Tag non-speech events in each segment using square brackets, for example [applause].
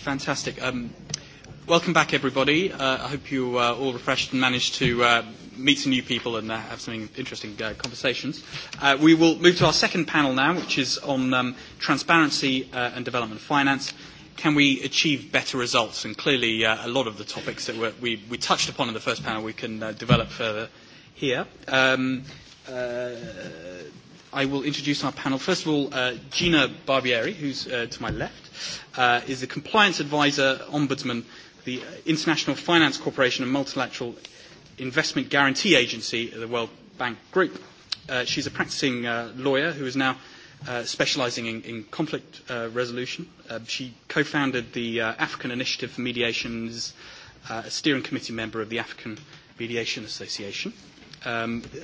Fantastic. Um, welcome back, everybody. Uh, I hope you uh, all refreshed and managed to uh, meet some new people and uh, have some interesting uh, conversations. Uh, we will move to our second panel now, which is on um, transparency uh, and development finance. Can we achieve better results? And clearly, uh, a lot of the topics that we're, we, we touched upon in the first panel we can uh, develop further here. Um, uh, I will introduce our panel. First of all, uh, Gina Barbieri, who's uh, to my left, uh, is the Compliance Advisor Ombudsman, the International Finance Corporation and Multilateral Investment Guarantee Agency of the World Bank Group. Uh, she's a practicing uh, lawyer who is now uh, specializing in, in conflict uh, resolution. Uh, she co-founded the uh, African Initiative for Mediation uh, a steering committee member of the African Mediation Association. Uh, um, uh,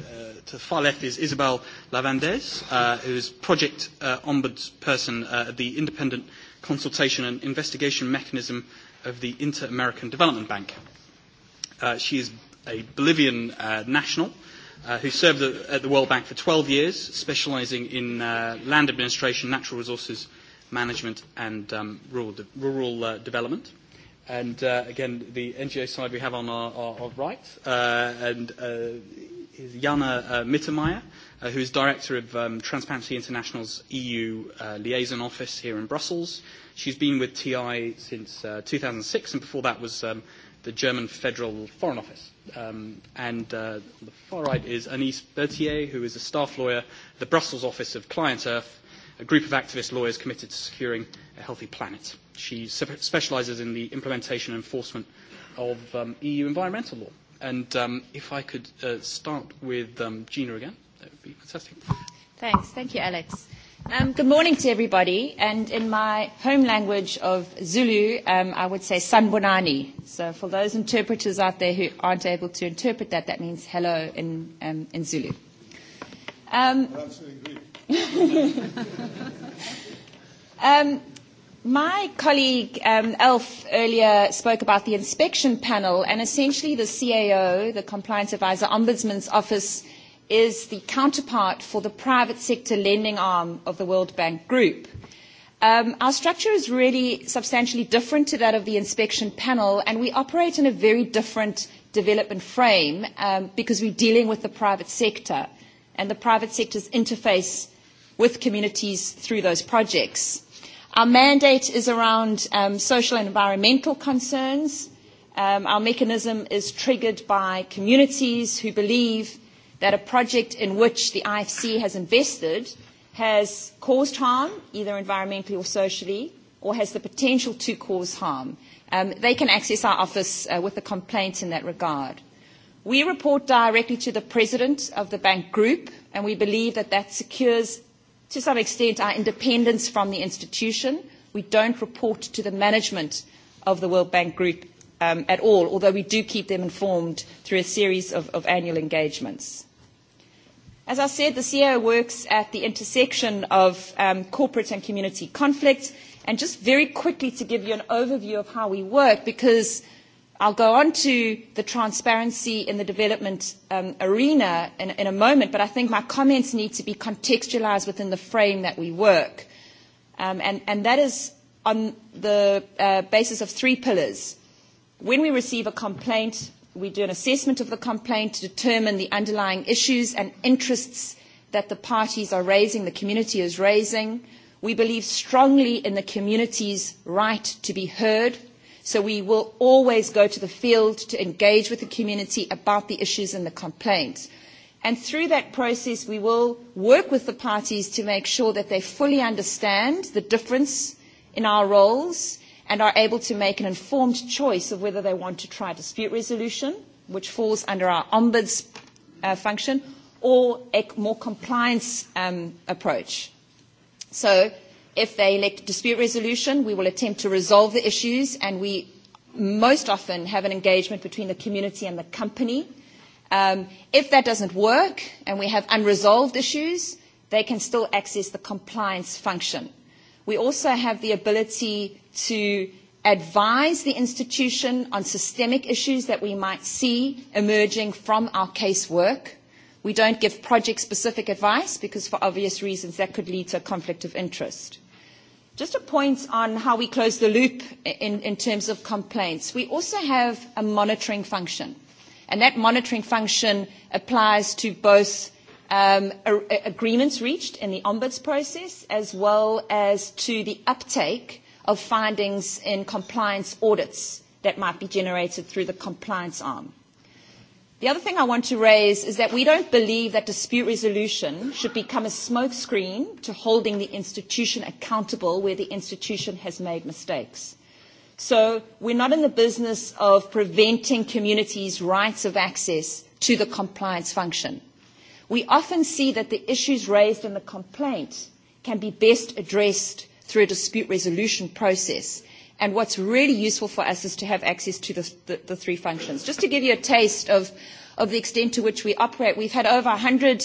to the far left is Isabel Lavandes, uh, who is project uh, ombudsperson uh, at the Independent Consultation and Investigation Mechanism of the Inter-American Development Bank. Uh, she is a Bolivian uh, national uh, who served the, at the World Bank for 12 years, specializing in uh, land administration, natural resources management, and um, rural, de rural uh, development. Uh, And uh, again, the NGO side we have on our, our, our right, uh, and uh, is Jana uh, Mittermeier, uh, who is Director of um, Transparency International's EU uh, Liaison Office here in Brussels. She's been with TI since uh, 2006, and before that was um, the German Federal Foreign Office. Um, and uh, on the far right is Anise Berthier, who is a staff lawyer at the Brussels office of Client Earth, a group of activist lawyers committed to securing a healthy planet. She specialises in the implementation and enforcement of um, EU environmental law. And um, if I could uh, start with um, Gina again, that would be fantastic. Thanks. Thank you, Alex. Um, good morning to everybody. And in my home language of Zulu, um, I would say Sanbonani. So for those interpreters out there who aren't able to interpret that, that means hello in, um, in Zulu. Um, [laughs] um, my colleague um, Elf earlier spoke about the inspection panel, and essentially the CAO, the Compliance Advisor Ombudsman's Office, is the counterpart for the private sector lending arm of the World Bank Group. Um, our structure is really substantially different to that of the inspection panel, and we operate in a very different development frame um, because we're dealing with the private sector, and the private sector's interface with communities through those projects. Our mandate is around um, social and environmental concerns. Um, our mechanism is triggered by communities who believe that a project in which the IFC has invested has caused harm, either environmentally or socially, or has the potential to cause harm. Um, they can access our office uh, with a complaint in that regard. We report directly to the president of the bank group, and we believe that that secures to some extent, our independence from the institution. We don't report to the management of the World Bank Group um, at all, although we do keep them informed through a series of, of annual engagements. As I said, the CEO works at the intersection of um, corporate and community conflict. And just very quickly to give you an overview of how we work, because I'll go on to the transparency in the development um, arena in, in a moment, but I think my comments need to be contextualized within the frame that we work. Um, and, and that is on the uh, basis of three pillars. When we receive a complaint, we do an assessment of the complaint to determine the underlying issues and interests that the parties are raising, the community is raising. We believe strongly in the community's right to be heard So we will always go to the field to engage with the community about the issues and the complaints. And through that process, we will work with the parties to make sure that they fully understand the difference in our roles and are able to make an informed choice of whether they want to try dispute resolution, which falls under our ombuds uh, function, or a more compliance um, approach. So If they elect dispute resolution, we will attempt to resolve the issues and we most often have an engagement between the community and the company. Um, if that doesn't work and we have unresolved issues, they can still access the compliance function. We also have the ability to advise the institution on systemic issues that we might see emerging from our casework. We don't give project-specific advice because for obvious reasons that could lead to a conflict of interest. Just a point on how we close the loop in, in terms of complaints. We also have a monitoring function, and that monitoring function applies to both um, agreements reached in the ombuds process as well as to the uptake of findings in compliance audits that might be generated through the compliance arm. The other thing I want to raise is that we don't believe that dispute resolution should become a smokescreen to holding the institution accountable where the institution has made mistakes. So we're not in the business of preventing communities' rights of access to the compliance function. We often see that the issues raised in the complaint can be best addressed through a dispute resolution process And what's really useful for us is to have access to the, the, the three functions. Just to give you a taste of, of the extent to which we operate, we've had over 100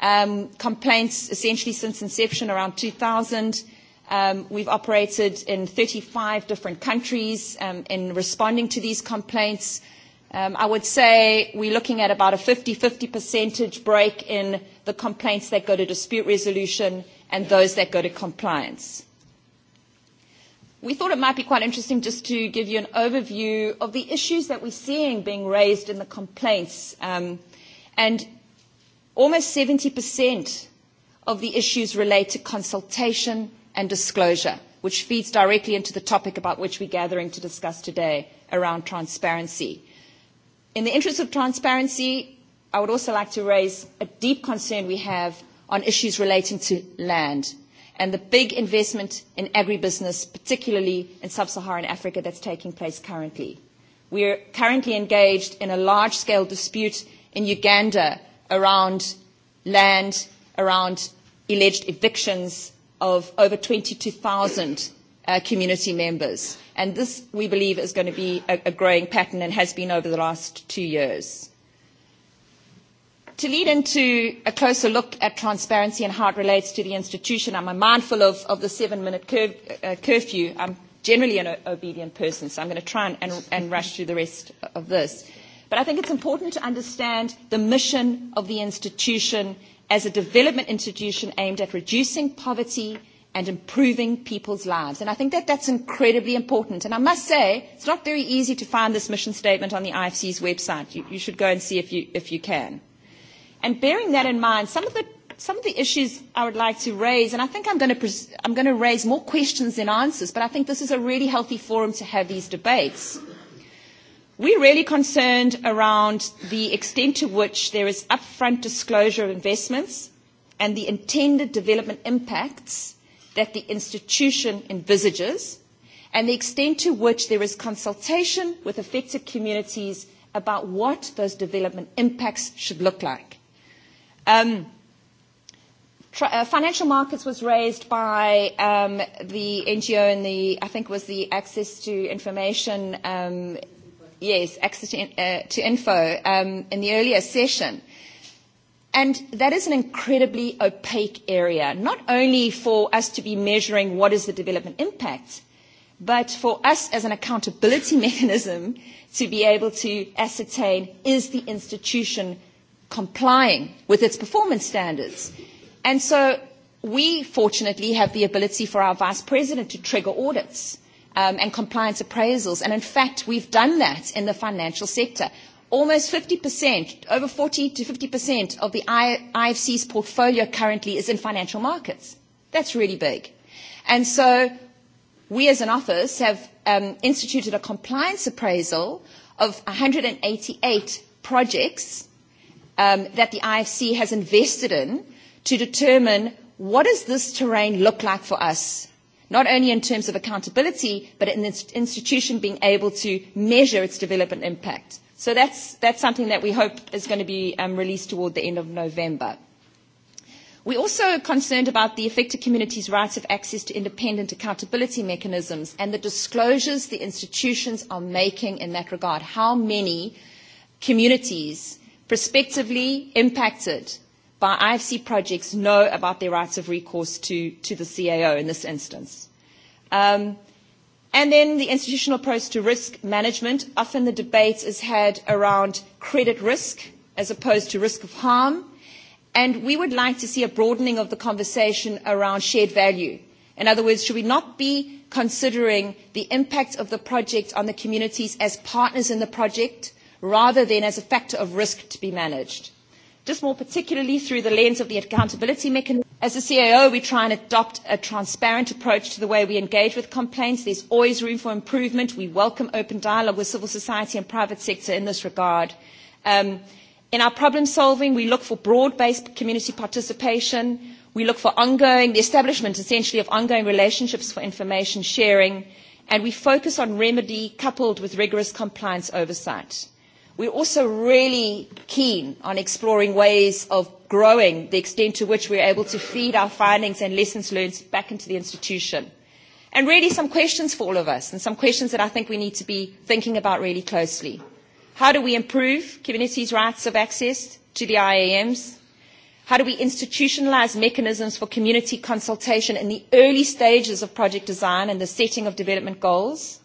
um, complaints essentially since inception around 2000. Um, we've operated in 35 different countries um, in responding to these complaints. Um, I would say we're looking at about a 50-50 percentage break in the complaints that go to dispute resolution and those that go to compliance we thought it might be quite interesting just to give you an overview of the issues that we're seeing being raised in the complaints. Um, and almost 70% of the issues relate to consultation and disclosure, which feeds directly into the topic about which we're gathering to discuss today around transparency. In the interest of transparency, I would also like to raise a deep concern we have on issues relating to land and the big investment in agribusiness, particularly in sub-Saharan Africa, that's taking place currently. We are currently engaged in a large-scale dispute in Uganda around land, around alleged evictions of over 22,000 uh, community members. And this, we believe, is going to be a, a growing pattern and has been over the last two years. To lead into a closer look at transparency and how it relates to the institution, I'm mindful of, of the seven-minute cur uh, curfew. I'm generally an obedient person, so I'm going to try and, and, and rush through the rest of this. But I think it's important to understand the mission of the institution as a development institution aimed at reducing poverty and improving people's lives. And I think that that's incredibly important. And I must say, it's not very easy to find this mission statement on the IFC's website. You, you should go and see if you, if you can. And bearing that in mind, some of the some of the issues I would like to raise, and I think I'm going to, I'm going to raise more questions than answers, but I think this is a really healthy forum to have these debates. We're really concerned around the extent to which there is upfront disclosure of investments and the intended development impacts that the institution envisages, and the extent to which there is consultation with affected communities about what those development impacts should look like. Um, uh, financial markets was raised by um, the NGO and the, I think was the access to information, um, yes, access to, in uh, to info um, in the earlier session. And that is an incredibly opaque area, not only for us to be measuring what is the development impact, but for us as an accountability [laughs] mechanism to be able to ascertain is the institution complying with its performance standards. And so we fortunately have the ability for our vice president to trigger audits um, and compliance appraisals. And in fact, we've done that in the financial sector. Almost 50%, over 40 to 50% of the IFC's portfolio currently is in financial markets. That's really big. And so we as an office have um, instituted a compliance appraisal of 188 projects um, that the IFC has invested in to determine what does this terrain look like for us, not only in terms of accountability, but in the institution being able to measure its development impact. So that's, that's something that we hope is going to be um, released toward the end of November. We're also concerned about the affected communities' rights of access to independent accountability mechanisms and the disclosures the institutions are making in that regard. How many communities prospectively impacted by IFC projects know about their rights of recourse to, to the CAO in this instance. Um, and then the institutional approach to risk management. Often the debate is had around credit risk as opposed to risk of harm. And we would like to see a broadening of the conversation around shared value. In other words, should we not be considering the impact of the project on the communities as partners in the project, rather than as a factor of risk to be managed. Just more particularly through the lens of the accountability mechanism. As a CAO, we try and adopt a transparent approach to the way we engage with complaints. There's always room for improvement. We welcome open dialogue with civil society and private sector in this regard. Um, in our problem solving, we look for broad-based community participation. We look for ongoing, the establishment essentially of ongoing relationships for information sharing, and we focus on remedy coupled with rigorous compliance oversight. We are also really keen on exploring ways of growing the extent to which we are able to feed our findings and lessons learned back into the institution. And really some questions for all of us and some questions that I think we need to be thinking about really closely. How do we improve communities' rights of access to the IAMs? How do we institutionalise mechanisms for community consultation in the early stages of project design and the setting of development goals?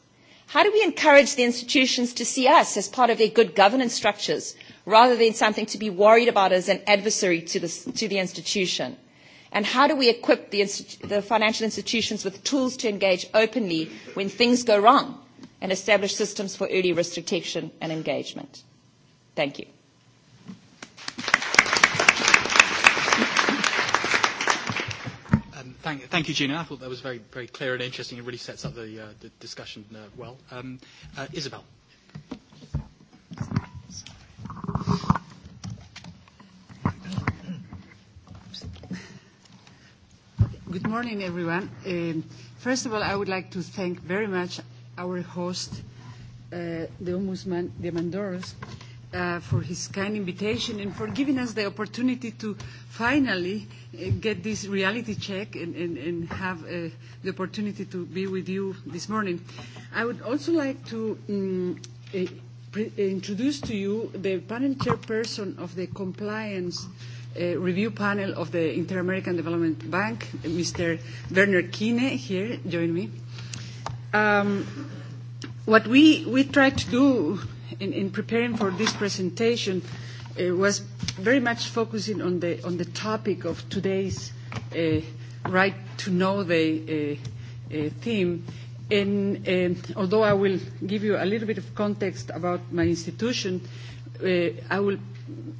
How do we encourage the institutions to see us as part of their good governance structures rather than something to be worried about as an adversary to the, to the institution? And how do we equip the, the financial institutions with tools to engage openly when things go wrong and establish systems for early risk detection and engagement? Thank you. Thank, thank you, Gina. I thought that was very, very clear and interesting. It really sets up the, uh, the discussion uh, well. Um, uh, Isabel. Good morning, everyone. Um, first of all, I would like to thank very much our host, uh, the Ombudsman de uh, for his kind invitation and for giving us the opportunity to finally uh, get this reality check and, and, and have uh, the opportunity to be with you this morning. I would also like to um, uh, pre- uh, introduce to you the panel chairperson of the compliance uh, review panel of the Inter-American Development Bank, Mr. Werner Kine, here, join me. Um, what we, we tried to do in, in preparing for this presentation uh, was very much focusing on the, on the topic of today's uh, right to know the uh, uh, theme. And uh, although I will give you a little bit of context about my institution, uh, I will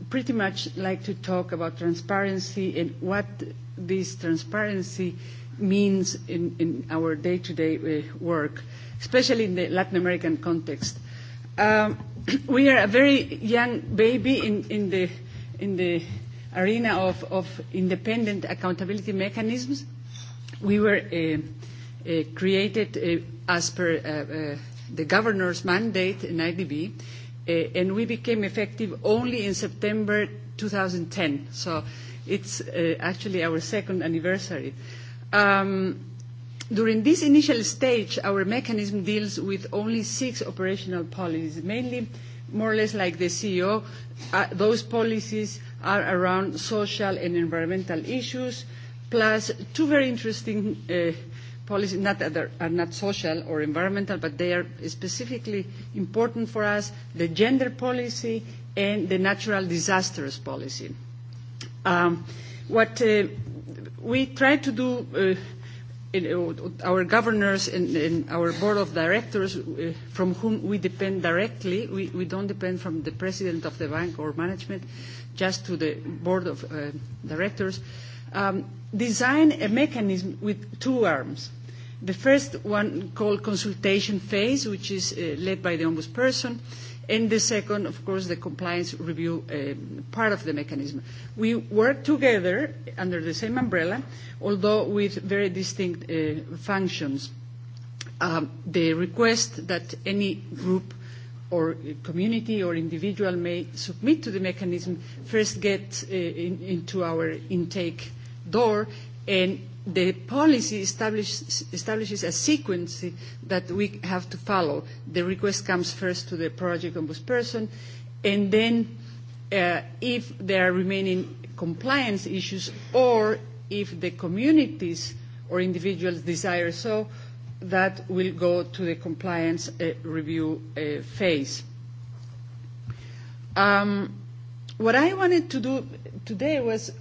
pretty much like to talk about transparency and what this transparency means in, in our day-to-day -day, uh, work, especially in the Latin American context. Um, [clears throat] we are a very young baby in, in, the, in the arena of, of independent accountability mechanisms. We were uh, uh, created uh, as per uh, uh, the governor's mandate in IDB, uh, and we became effective only in September 2010. So it's uh, actually our second anniversary. Um, During this initial stage, our mechanism deals with only six operational policies, mainly more or less like the CEO. Uh, those policies are around social and environmental issues, plus two very interesting uh, policies not that are, are not social or environmental, but they are specifically important for us, the gender policy and the natural disasters policy. Um, what uh, we try to do uh, in, our governors and and our board of directors uh, from whom we depend directly, we, we don't depend from the president of the bank or management, just to the board of uh, directors, um, design a mechanism with two arms. The first one called consultation phase, which is uh, led by the ombudsperson, person and the second, of course, the compliance review uh, part of the mechanism. We work together under the same umbrella, although with very distinct uh, functions. Um, the request that any group or community or individual may submit to the mechanism first get uh, in, into our intake door and the policy establishes, establishes a sequence that we have to follow. The request comes first to the project ombudsperson, and then uh, if there are remaining compliance issues or if the communities or individuals desire so, that will go to the compliance uh, review uh, phase. Um, what I wanted to do today was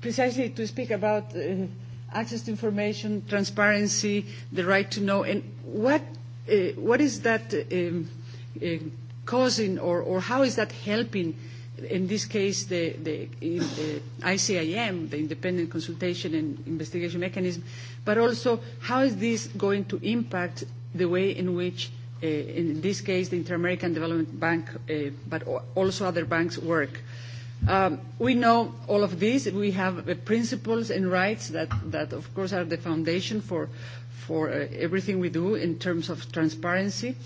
precisely to speak about uh, access to information, transparency, the right to know, and what, uh, what is that uh, um, uh, causing or, or how is that helping, in this case, the, the, in, uh ICIM, the Independent Consultation and Investigation Mechanism, but also how is this going to impact the way in which uh, in this case, the Inter-American Development Bank, uh, but also other banks work. Um, we know all of this. We have uh, principles and rights that, that, of course, are the foundation for, for uh, everything we do in terms of transparency.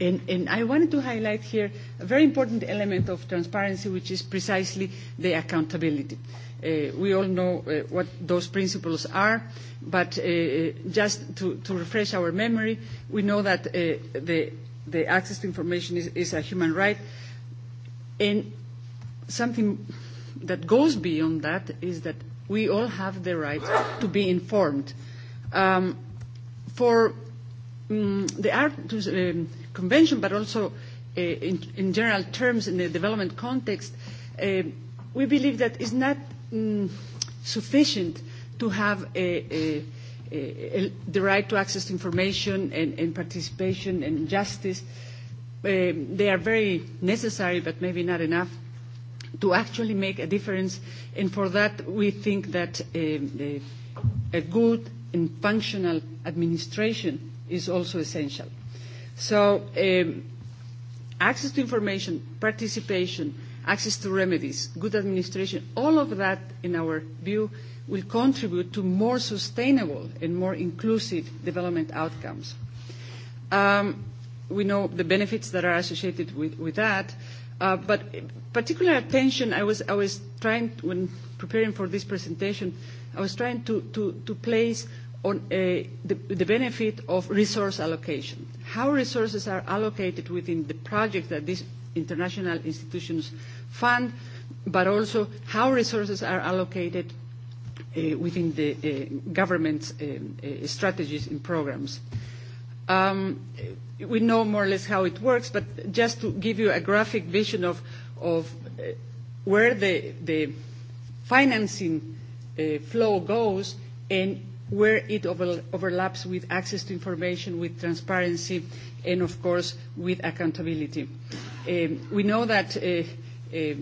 And, and I wanted to highlight here a very important element of transparency, which is precisely the accountability. Uh, we all know uh, what those principles are, but uh, just to, to refresh our memory, we know that uh, the, the access to information is, is a human right. And something that goes beyond that is that we all have the right to be informed. Um, for um, the Art uh, Convention, but also uh, in, in general terms in the development context, uh, we believe that it's not um, sufficient to have a, a, a, a, the right to access to information and, and participation and justice. Uh, they are very necessary, but maybe not enough to actually make a difference. And for that, we think that a, uh, a, uh, a good and functional administration is also essential. So um, access to information, participation, access to remedies, good administration, all of that, in our view, will contribute to more sustainable and more inclusive development outcomes. Um, we know the benefits that are associated with, with that, Uh, but particular attention, I was, I was trying, to, when preparing for this presentation, I was trying to, to, to place on a, uh, the, the benefit of resource allocation. How resources are allocated within the project that these international institutions fund, but also how resources are allocated uh, within the uh, government's um, uh, strategies and programs. Um, we know more or less how it works, but just to give you a graphic vision of, of uh, where the, the financing uh, flow goes and where it over, overlaps with access to information, with transparency, and of course with accountability. Um, we know that uh, uh,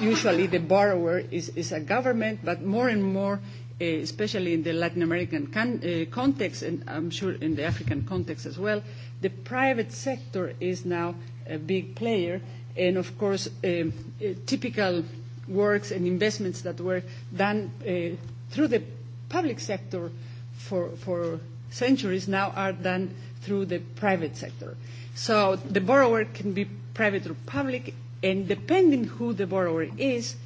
usually the borrower is, is a government, but more and more uh, especially in the Latin American can, uh, context, and I'm sure in the African context as well, the private sector is now a big player, and of course, um, uh, typical works and investments that were done uh, through the public sector for, for centuries now are done through the private sector. So the borrower can be private or public, and depending who the borrower is,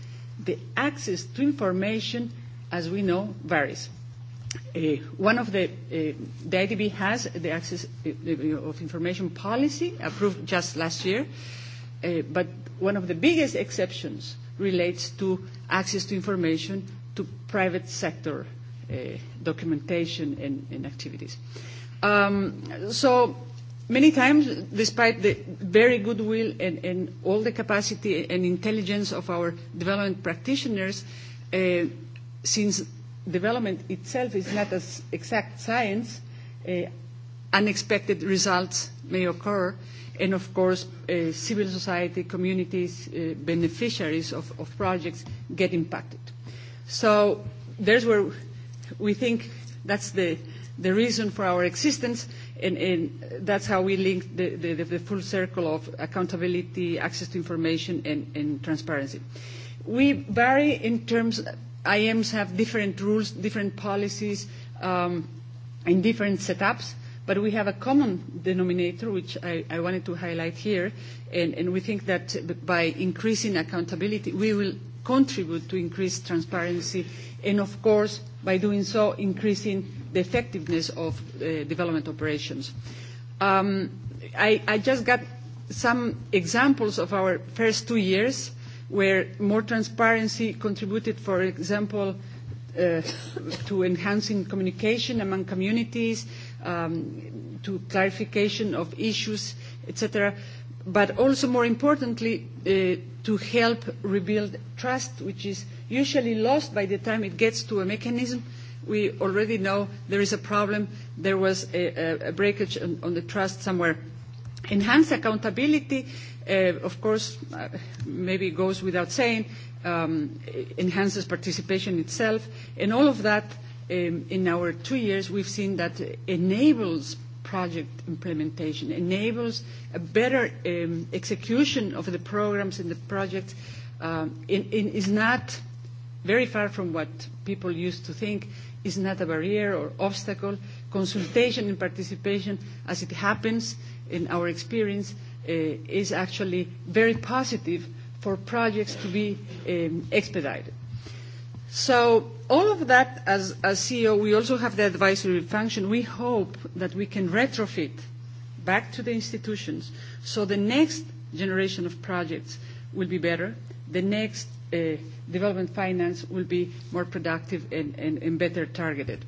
the access to information as we know, varies. Uh, one of the, uh, the IDB has the access uh, uh, of information policy approved just last year, uh, but one of the biggest exceptions relates to access to information to private sector uh, documentation and, and activities. Um, so many times, despite the very good will and, and all the capacity and intelligence of our development practitioners, uh, since development itself is not as exact science, uh, unexpected results may occur, and of course, uh, civil society, communities, uh, beneficiaries of, of projects get impacted. So there's where we think that's the, the reason for our existence, and, and that's how we link the, the, the full circle of accountability, access to information, and, and transparency. We vary in terms IMs have different rules, different policies, um, and different setups, but we have a common denominator, which I, I wanted to highlight here, and, and we think that by increasing accountability, we will contribute to increased transparency, and of course, by doing so, increasing the effectiveness of uh, development operations. Um, I, I just got some examples of our first two years where more transparency contributed, for example, uh, to enhancing communication among communities, um, to clarification of issues, etc., but also more importantly, uh, to help rebuild trust, which is usually lost by the time it gets to a mechanism. We already know there is a problem. There was a, a, a breakage on, on the trust somewhere. Enhance accountability uh, of course, uh, maybe it goes without saying, um, enhances participation itself, and all of that um, in our two years we've seen that enables project implementation, enables a better um, execution of the programs and the projects, um, in, is not very far from what people used to think, is not a barrier or obstacle. Consultation and participation, as it happens in our experience, uh, is actually very positive for projects to be um, expedited. So all of that, as, as CEO, we also have the advisory function. We hope that we can retrofit back to the institutions so the next generation of projects will be better, the next uh, development finance will be more productive and, and, and better targeted.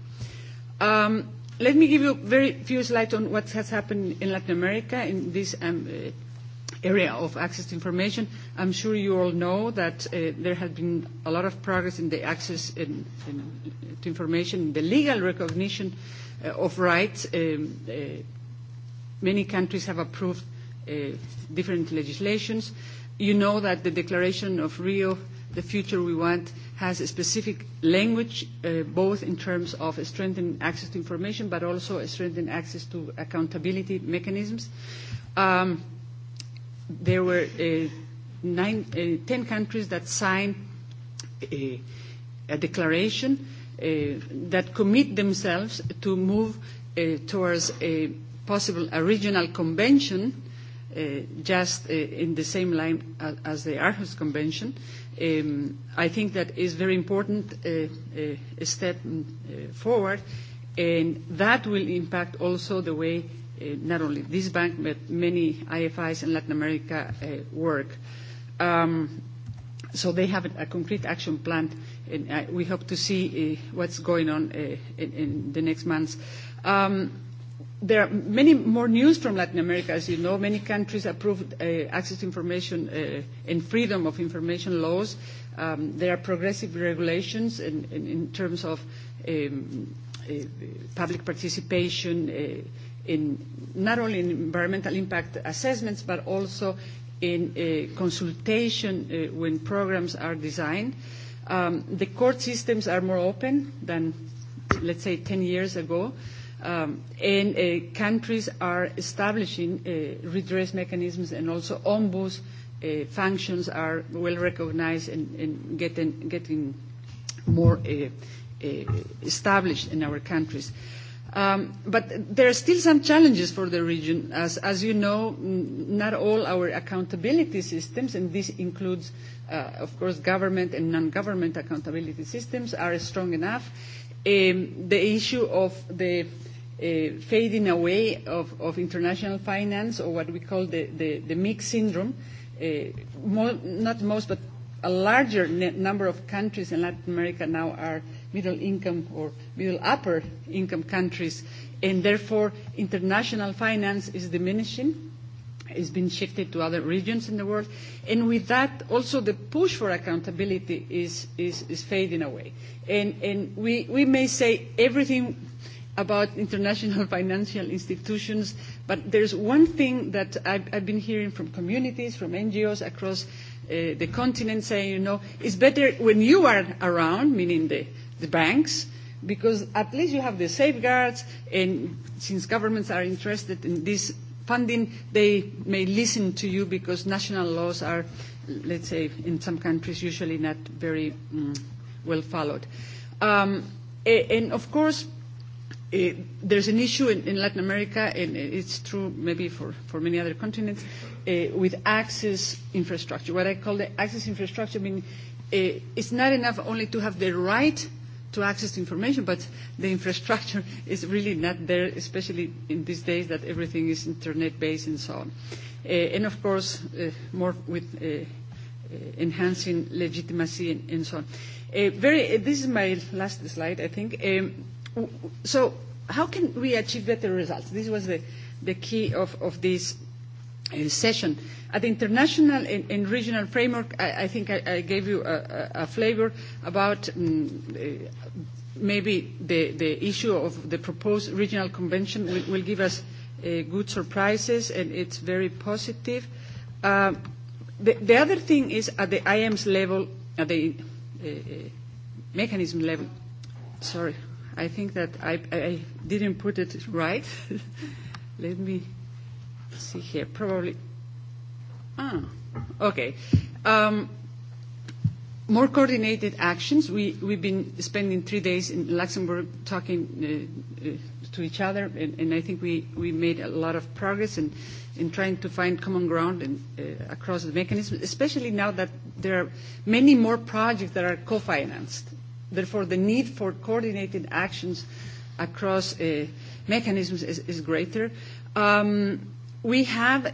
Um, Let me give you very few slides on what has happened in Latin America in this um, uh, area of access to information. I'm sure you all know that uh, there has been a lot of progress in the access in, in, to information, the legal recognition uh, of rights. Um, uh, many countries have approved uh, different legislations. You know that the Declaration of Rio the future we want has a specific language, uh, both in terms of a strengthened access to information, but also a strengthened access to accountability mechanisms. Um, there were uh, nine, uh, 10 countries that signed a, a declaration uh, that commit themselves to move uh, towards a possible a regional convention uh, just uh, in the same line uh, as the Aarhus Convention Um, I think that is very important uh, uh, step uh, forward, and that will impact also the way uh, not only this bank but many IFIs in Latin America uh, work. Um, so they have a concrete action plan, and uh, we hope to see uh, what's going on uh, in, in the next months. Um, There are many more news from Latin America, as you know. Many countries approved uh, access to information uh, and freedom of information laws. Um, there are progressive regulations in, in, in terms of um, uh, public participation uh, in not only in environmental impact assessments, but also in uh, consultation uh, when programs are designed. Um, the court systems are more open than, let's say, 10 years ago. Um, and uh, countries are establishing uh, redress mechanisms and also ombuds uh, functions are well recognized and, and getting, getting more uh, uh, established in our countries. Um, but there are still some challenges for the region. As, as you know, not all our accountability systems, and this includes, uh, of course, government and non-government accountability systems, are strong enough. Um, the issue of the uh, uh, fading away of, of international finance or what we call the, the, the mixed syndrome. Uh, more, not most, but a larger number of countries in Latin America now are middle income or middle upper income countries, and therefore international finance is diminishing. It's been shifted to other regions in the world. And with that, also the push for accountability is, is, is fading away. And, and we, we may say everything about international [laughs] financial institutions, but there's one thing that I've, I've been hearing from communities, from NGOs across uh, the continent saying, you know, it's better when you are around, meaning the, the banks, because at least you have the safeguards, and since governments are interested in this funding, they may listen to you because national laws are, let's say, in some countries usually not very um, well followed. Um, and of course, Uh, there's an issue in, in Latin America, and it's true maybe for, for many other continents, uh, with access infrastructure. What I call the access infrastructure, I mean, uh, it's not enough only to have the right to access to information, but the infrastructure [laughs] is really not there, especially in these days that everything is internet-based and so on. Uh, and of course, uh, more with uh, uh, enhancing legitimacy and, and so on. Uh, very, uh, this is my last slide, I think. Um, so how can we achieve better results? This was the, the key of, of this uh, session. At the international and, and regional framework, I, I think I, I gave you a, a flavor about um, uh, maybe the, the issue of the proposed regional convention will, will give us uh, good surprises, and it's very positive. Uh, the, the other thing is at the IM's level, at the uh, uh mechanism level, sorry. I think that I, I didn't put it right. [laughs] Let me see here. Probably. Ah, okay. Um, more coordinated actions. We, we've been spending three days in Luxembourg talking uh, uh, to each other, and, and I think we, we made a lot of progress in, in trying to find common ground and, uh, across the mechanism, especially now that there are many more projects that are co-financed Therefore, the need for coordinated actions across uh, mechanisms is, is greater. Um, we have, uh,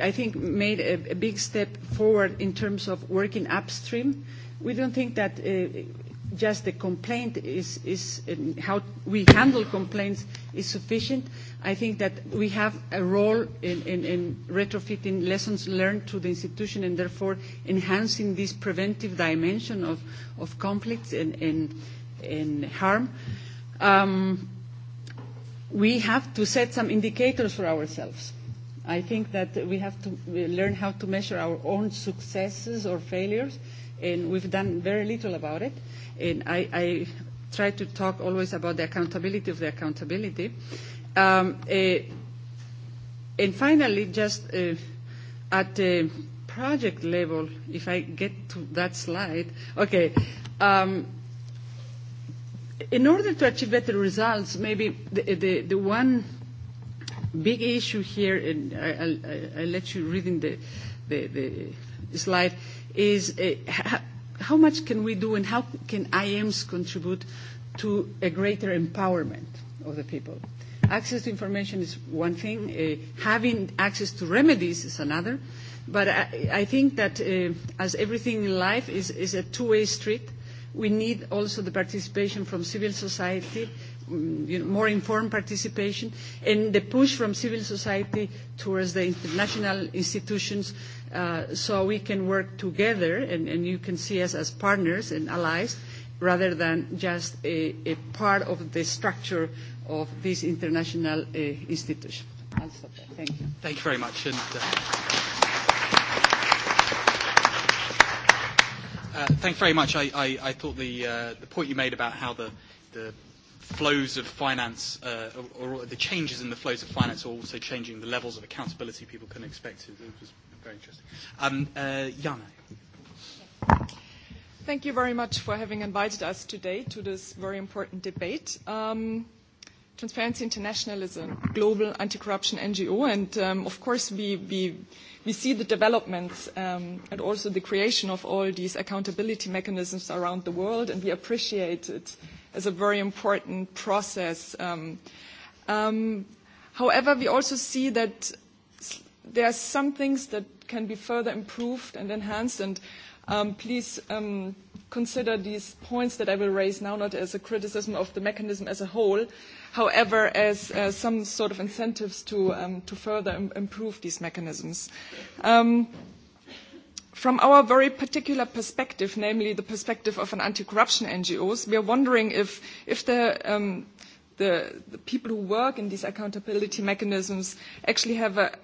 I think, made a, a big step forward in terms of working upstream. We don't think that uh, just the complaint is, is um, how we handle complaints is sufficient. I think that we have a role in, in, in retrofitting lessons learned to the institution and therefore enhancing this preventive dimension of, of conflicts and, and, and harm. Um, we have to set some indicators for ourselves I think that we have to learn how to measure our own successes or failures, and we've done very little about it. And I, I try to talk always about the accountability of the accountability. Um, uh, and finally, just uh, at the project level, if I get to that slide, okay. Um, in order to achieve better results, maybe the, the, the one big issue here, and I, I'll, I'll let you read in the, the, the slide, is uh, how, how much can we do and how can IMs contribute to a greater empowerment of the people? Access to information is one thing. Uh, having access to remedies is another. But I, I think that uh, as everything in life is, is a two-way street, we need also the participation from civil society, Mm, you know, more informed participation and the push from civil society towards the international institutions uh, so we can work together and, and you can see us as partners and allies rather than just a, a part of the structure of this international uh, institution. I'll stop there. Thank you. Thank you very much. And, uh... Uh, thank you very much. I, I, I thought the, uh, the point you made about how the, the flows of finance uh, or, or the changes in the flows of finance are also changing the levels of accountability people can expect. It was very interesting. Um, uh, Jana. Thank you very much for having invited us today to this very important debate. Um, Transparency International is a global anti-corruption NGO, and um, of course we, we, we see the developments um, and also the creation of all these accountability mechanisms around the world, and we appreciate it is a very important process. Um, um, however, we also see that there are some things that can be further improved and enhanced, and um, please um, consider these points that I will raise now not as a criticism of the mechanism as a whole, however, as uh, some sort of incentives to, um, to further Im improve these mechanisms. Um, From our very particular perspective, namely the perspective of an anti-corruption NGOs, we are wondering if, if the, um, the, the people who work in these accountability mechanisms actually have a,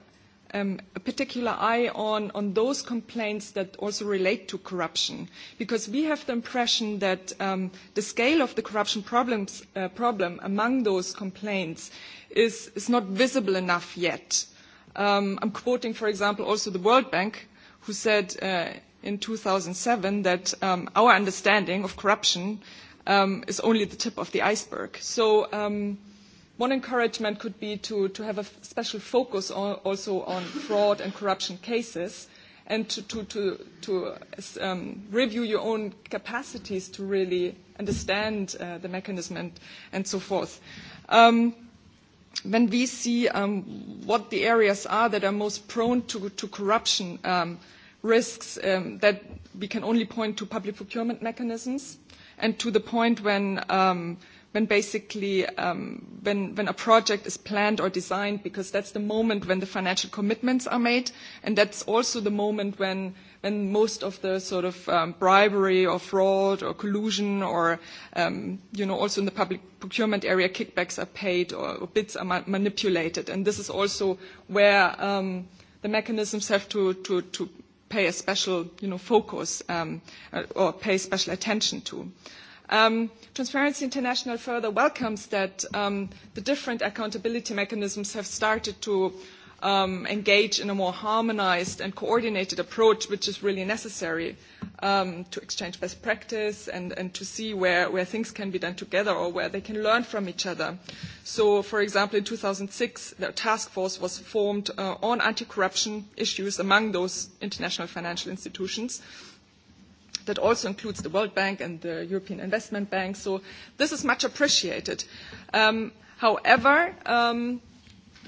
um, a particular eye on, on those complaints that also relate to corruption, because we have the impression that um, the scale of the corruption problems, uh, problem among those complaints is, is not visible enough yet. Um, I'm quoting, for example, also the World Bank, who said uh, in 2007 that um, our understanding of corruption um, is only the tip of the iceberg. So um, one encouragement could be to, to have a special focus on, also on fraud and corruption cases and to, to, to, to um, review your own capacities to really understand uh, the mechanism and, and so forth. Um, when we see um, what the areas are that are most prone to, to corruption um, risks, um, that we can only point to public procurement mechanisms and to the point when, um, when basically um, when, when a project is planned or designed, because that's the moment when the financial commitments are made, and that's also the moment when and most of the sort of um, bribery or fraud or collusion or, um, you know, also in the public procurement area, kickbacks are paid or, or bids are ma manipulated. And this is also where um, the mechanisms have to, to, to pay a special, you know, focus um, uh, or pay special attention to. Um, Transparency International further welcomes that um, the different accountability mechanisms have started to um, engage in a more harmonized and coordinated approach, which is really necessary um, to exchange best practice and, and to see where, where things can be done together or where they can learn from each other. So, for example, in 2006, the task force was formed uh, on anti-corruption issues among those international financial institutions that also includes the World Bank and the European Investment Bank. So this is much appreciated. Um, however, um,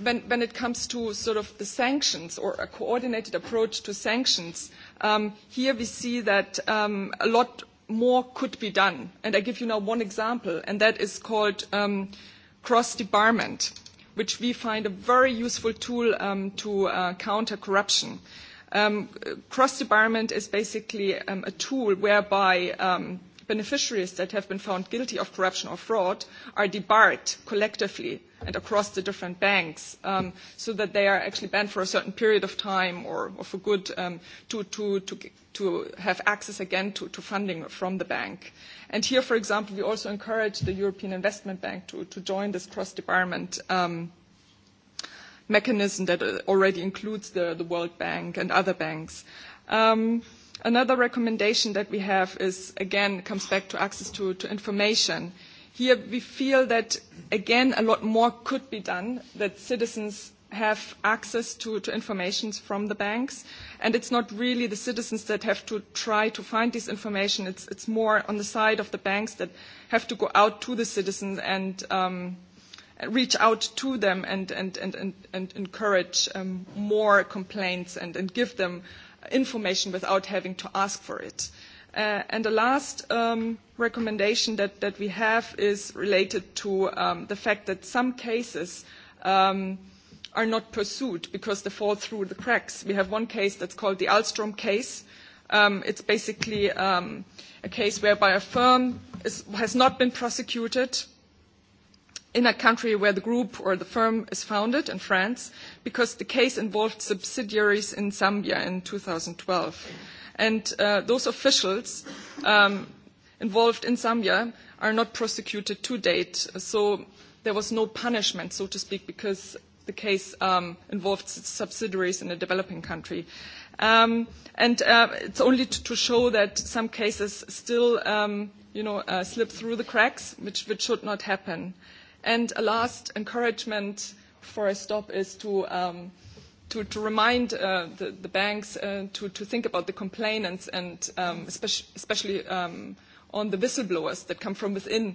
when, when it comes to sort of the sanctions or a coordinated approach to sanctions, um, here we see that um, a lot more could be done. And I give you now one example, and that is called um, cross-debarment, which we find a very useful tool um, to uh, counter corruption. Um, cross-debarment is basically um, a tool whereby um, beneficiaries that have been found guilty of corruption or fraud are debarred collectively and across the different banks um, so that they are actually banned for a certain period of time or, or for good um, to, to, to, to have access again to, to funding from the bank. And here, for example, we also encourage the European Investment Bank to, to join this cross-debarment um, mechanism that uh, already includes the, the World Bank and other banks. Um, Another recommendation that we have is, again, comes back to access to, to information. Here we feel that, again, a lot more could be done, that citizens have access to, to information from the banks, and it's not really the citizens that have to try to find this information. It's, it's more on the side of the banks that have to go out to the citizens and um, reach out to them and, and, and, and, and encourage um, more complaints and, and give them information without having to ask for it. Uh, and the last um, recommendation that, that we have is related to um, the fact that some cases um, are not pursued because they fall through the cracks. We have one case that's called the Alstrom case. Um, it's basically um, a case whereby a firm is, has not been prosecuted in a country where the group or the firm is founded, in France, because the case involved subsidiaries in Zambia in 2012. And uh, those officials um, involved in Zambia are not prosecuted to date, so there was no punishment, so to speak, because the case um, involved subsidiaries in a developing country. Um, and uh, it's only to, to show that some cases still um, you know, uh, slip through the cracks, which, which should not happen. And a last encouragement before I stop is to, um, to, to remind uh, the, the banks uh, to, to think about the complainants and um, especially, especially um, on the whistleblowers that come from within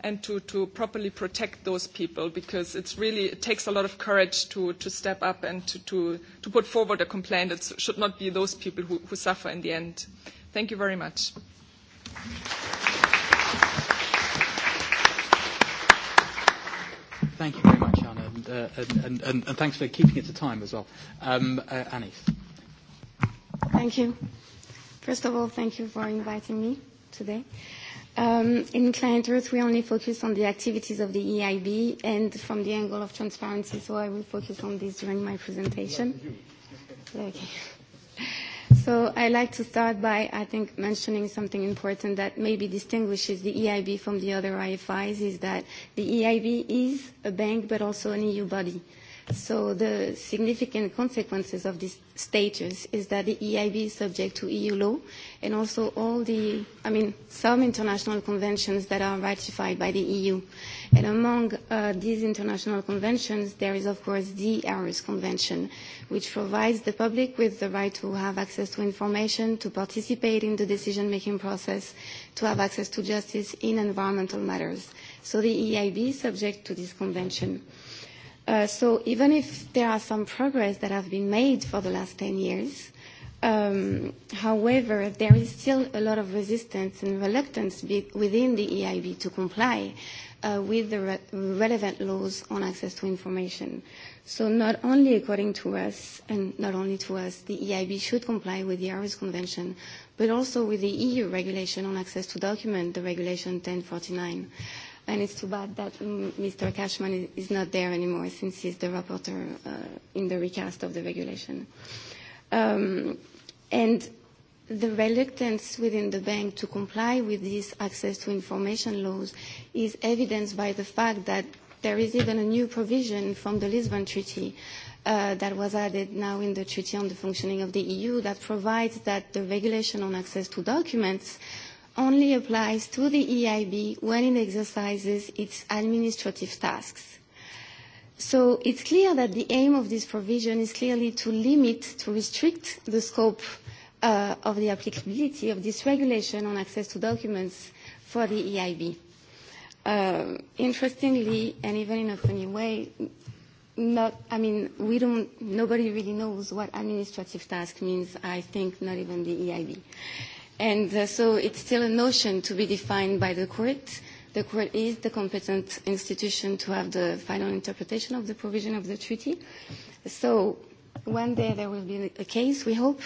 and to, to properly protect those people because it's really, it takes a lot of courage to, to step up and to, to, to put forward a complaint. It should not be those people who, who suffer in the end. Thank you very much. Thank you. Thank you very much, Anna, and, uh, and, and, and thanks for keeping it to time as well. Um, uh, Anis. Thank you. First of all, thank you for inviting me today. Um, in Client Earth, we only focus on the activities of the EIB and from the angle of transparency, so I will focus on this during my presentation. Okay. So I'd like to start by, I think, mentioning something important that maybe distinguishes the EIB from the other IFIs is that the EIB is a bank but also an EU body. So the significant consequences of this status is that the EIB is subject to EU law and also all the, I mean, some international conventions that are ratified by the EU. And among uh, these international conventions, there is, of course, the Errors Convention, which provides the public with the right to have access to information, to participate in the decision-making process, to have access to justice in environmental matters. So the EIB is subject to this convention. Uh, so even if there are some progress that have been made for the last 10 years, um, however, there is still a lot of resistance and reluctance be within the EIB to comply uh, with the re relevant laws on access to information. So not only according to us, and not only to us, the EIB should comply with the Aarhus e Convention, but also with the EU regulation on access to document, the regulation 1049. And it's too bad that Mr. Cashman is not there anymore since he's the rapporteur uh, in the recast of the regulation. Um, and the reluctance within the bank to comply with these access to information laws is evidenced by the fact that there is even a new provision from the Lisbon Treaty uh, that was added now in the Treaty on the Functioning of the EU that provides that the regulation on access to documents uh, only applies to the EIB when it exercises its administrative tasks. So it's clear that the aim of this provision is clearly to limit, to restrict the scope uh, of the applicability of this regulation on access to documents for the EIB. Uh, interestingly, and even in a funny way, not, I mean, we don't, nobody really knows what administrative task means, I think not even the EIB. And uh, so it's still a notion to be defined by the court. The court is the competent institution to have the final interpretation of the provision of the treaty. So one day there will be a case, we hope,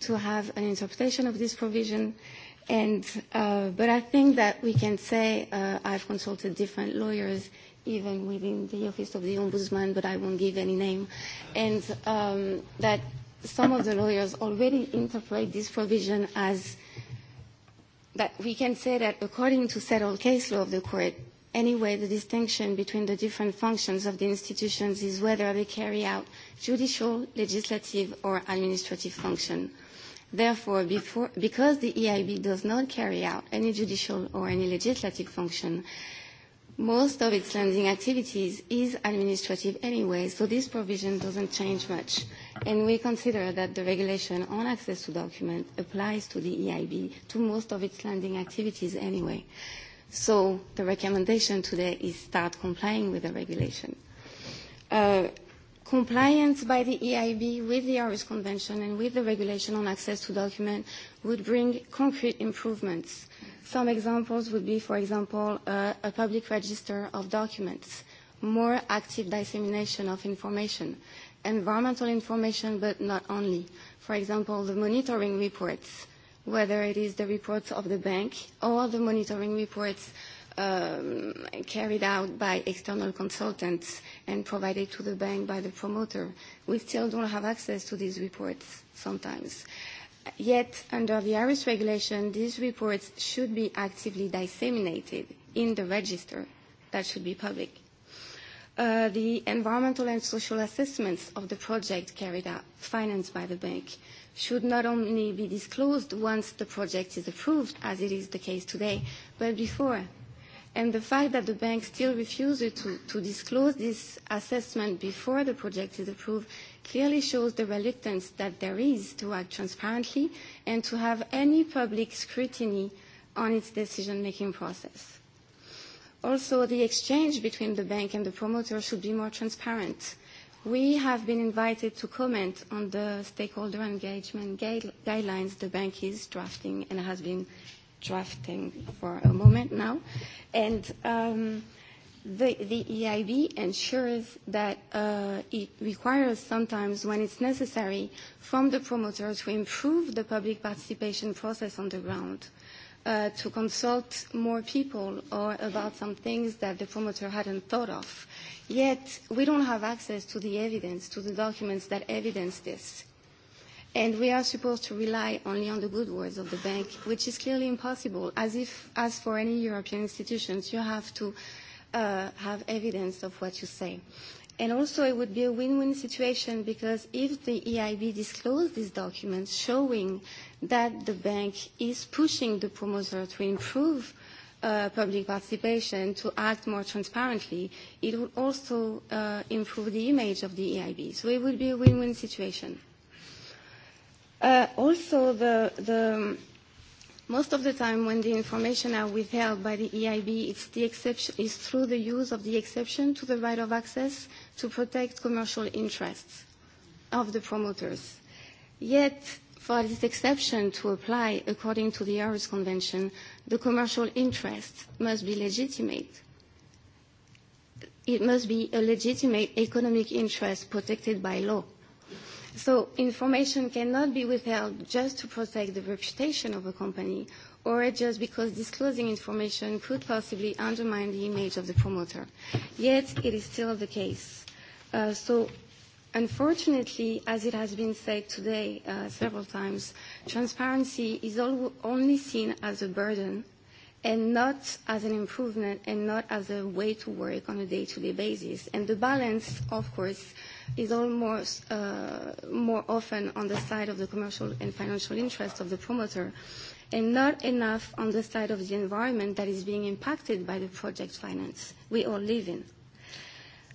to have an interpretation of this provision. And, uh, but I think that we can say uh, I've consulted different lawyers, even within the Office of the Ombudsman, but I won't give any name, and um, that some of the lawyers already interpret this provision as But we can say that according to settled case law of the court, anyway, the distinction between the different functions of the institutions is whether they carry out judicial, legislative, or administrative function. Therefore, before, because the EIB does not carry out any judicial or any legislative function, Most of its lending activities is administrative anyway, so this provision doesn't change much. And we consider that the regulation on access to documents applies to the EIB, to most of its lending activities anyway. So the recommendation today is start complying with the regulation. Uh, compliance by the EIB with the Aarhus Convention and with the regulation on access to documents would bring concrete improvements. Some examples would be, for example, uh, a public register of documents, more active dissemination of information, environmental information, but not only. For example, the monitoring reports, whether it is the reports of the bank or the monitoring reports um, carried out by external consultants and provided to the bank by the promoter, we still don't have access to these reports sometimes. Yet, under the IRIS regulation, these reports should be actively disseminated in the register that should be public. Uh, the environmental and social assessments of the project carried out, financed by the bank, should not only be disclosed once the project is approved, as it is the case today, but before and the fact that the bank still refuses to, to disclose this assessment before the project is approved clearly shows the reluctance that there is to act transparently and to have any public scrutiny on its decision-making process. Also, the exchange between the bank and the promoter should be more transparent. We have been invited to comment on the stakeholder engagement guidelines the bank is drafting and has been drafting for a moment now. And um, the, the EIB ensures that uh, it requires sometimes, when it's necessary, from the promoter to improve the public participation process on the ground. Uh, to consult more people or about some things that the promoter hadn't thought of. Yet, we don't have access to the evidence, to the documents that evidence this. And we are supposed to rely only on the good words of the bank, which is clearly impossible. As, if, as for any European institutions, you have to uh, have evidence of what you say. And also it would be a win-win situation because if the EIB disclosed these documents showing that the bank is pushing the promoter to improve uh, public participation, to act more transparently, it would also uh, improve the image of the EIB. So it would be a win-win situation. Uh, also, the, the, most of the time when the information are withheld by the EIB, it's, the exception, it's through the use of the exception to the right of access to protect commercial interests of the promoters. Yet, for this exception to apply according to the Aarhus e Convention, the commercial interest must be legitimate. It must be a legitimate economic interest protected by law So information cannot be withheld just to protect the reputation of a company or just because disclosing information could possibly undermine the image of the promoter. Yet it is still the case. Uh, so Unfortunately, as it has been said today uh, several times, transparency is al only seen as a burden and not as an improvement and not as a way to work on a day-to-day -day basis. And the balance, of course, is almost uh, more often on the side of the commercial and financial interests of the promoter and not enough on the side of the environment that is being impacted by the project finance we all live in.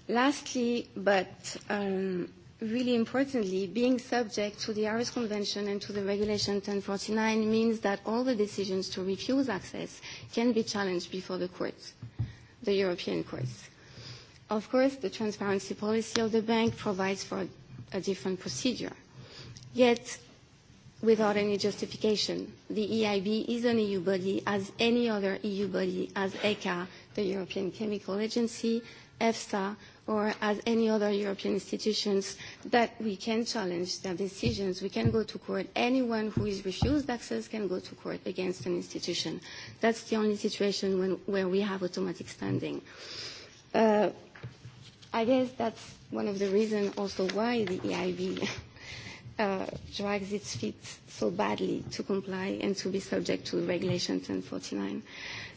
Lastly, but um, really importantly, being subject to the Irish Convention and to the Regulation 1049 means that all the decisions to refuse access can be challenged before the courts, the European courts. Of course, the transparency policy of the bank provides for a different procedure. Yet, without any justification, the EIB is an EU body as any other EU body, as ECA, the European Chemical Agency, EFSA, or as any other European institutions, that we can challenge their decisions. We can go to court. Anyone who is refused access can go to court against an institution. That's the only situation when, where we have automatic standing. Uh, I guess that's one of the reasons also why the EIB uh, drags its feet so badly to comply and to be subject to Regulation 1049.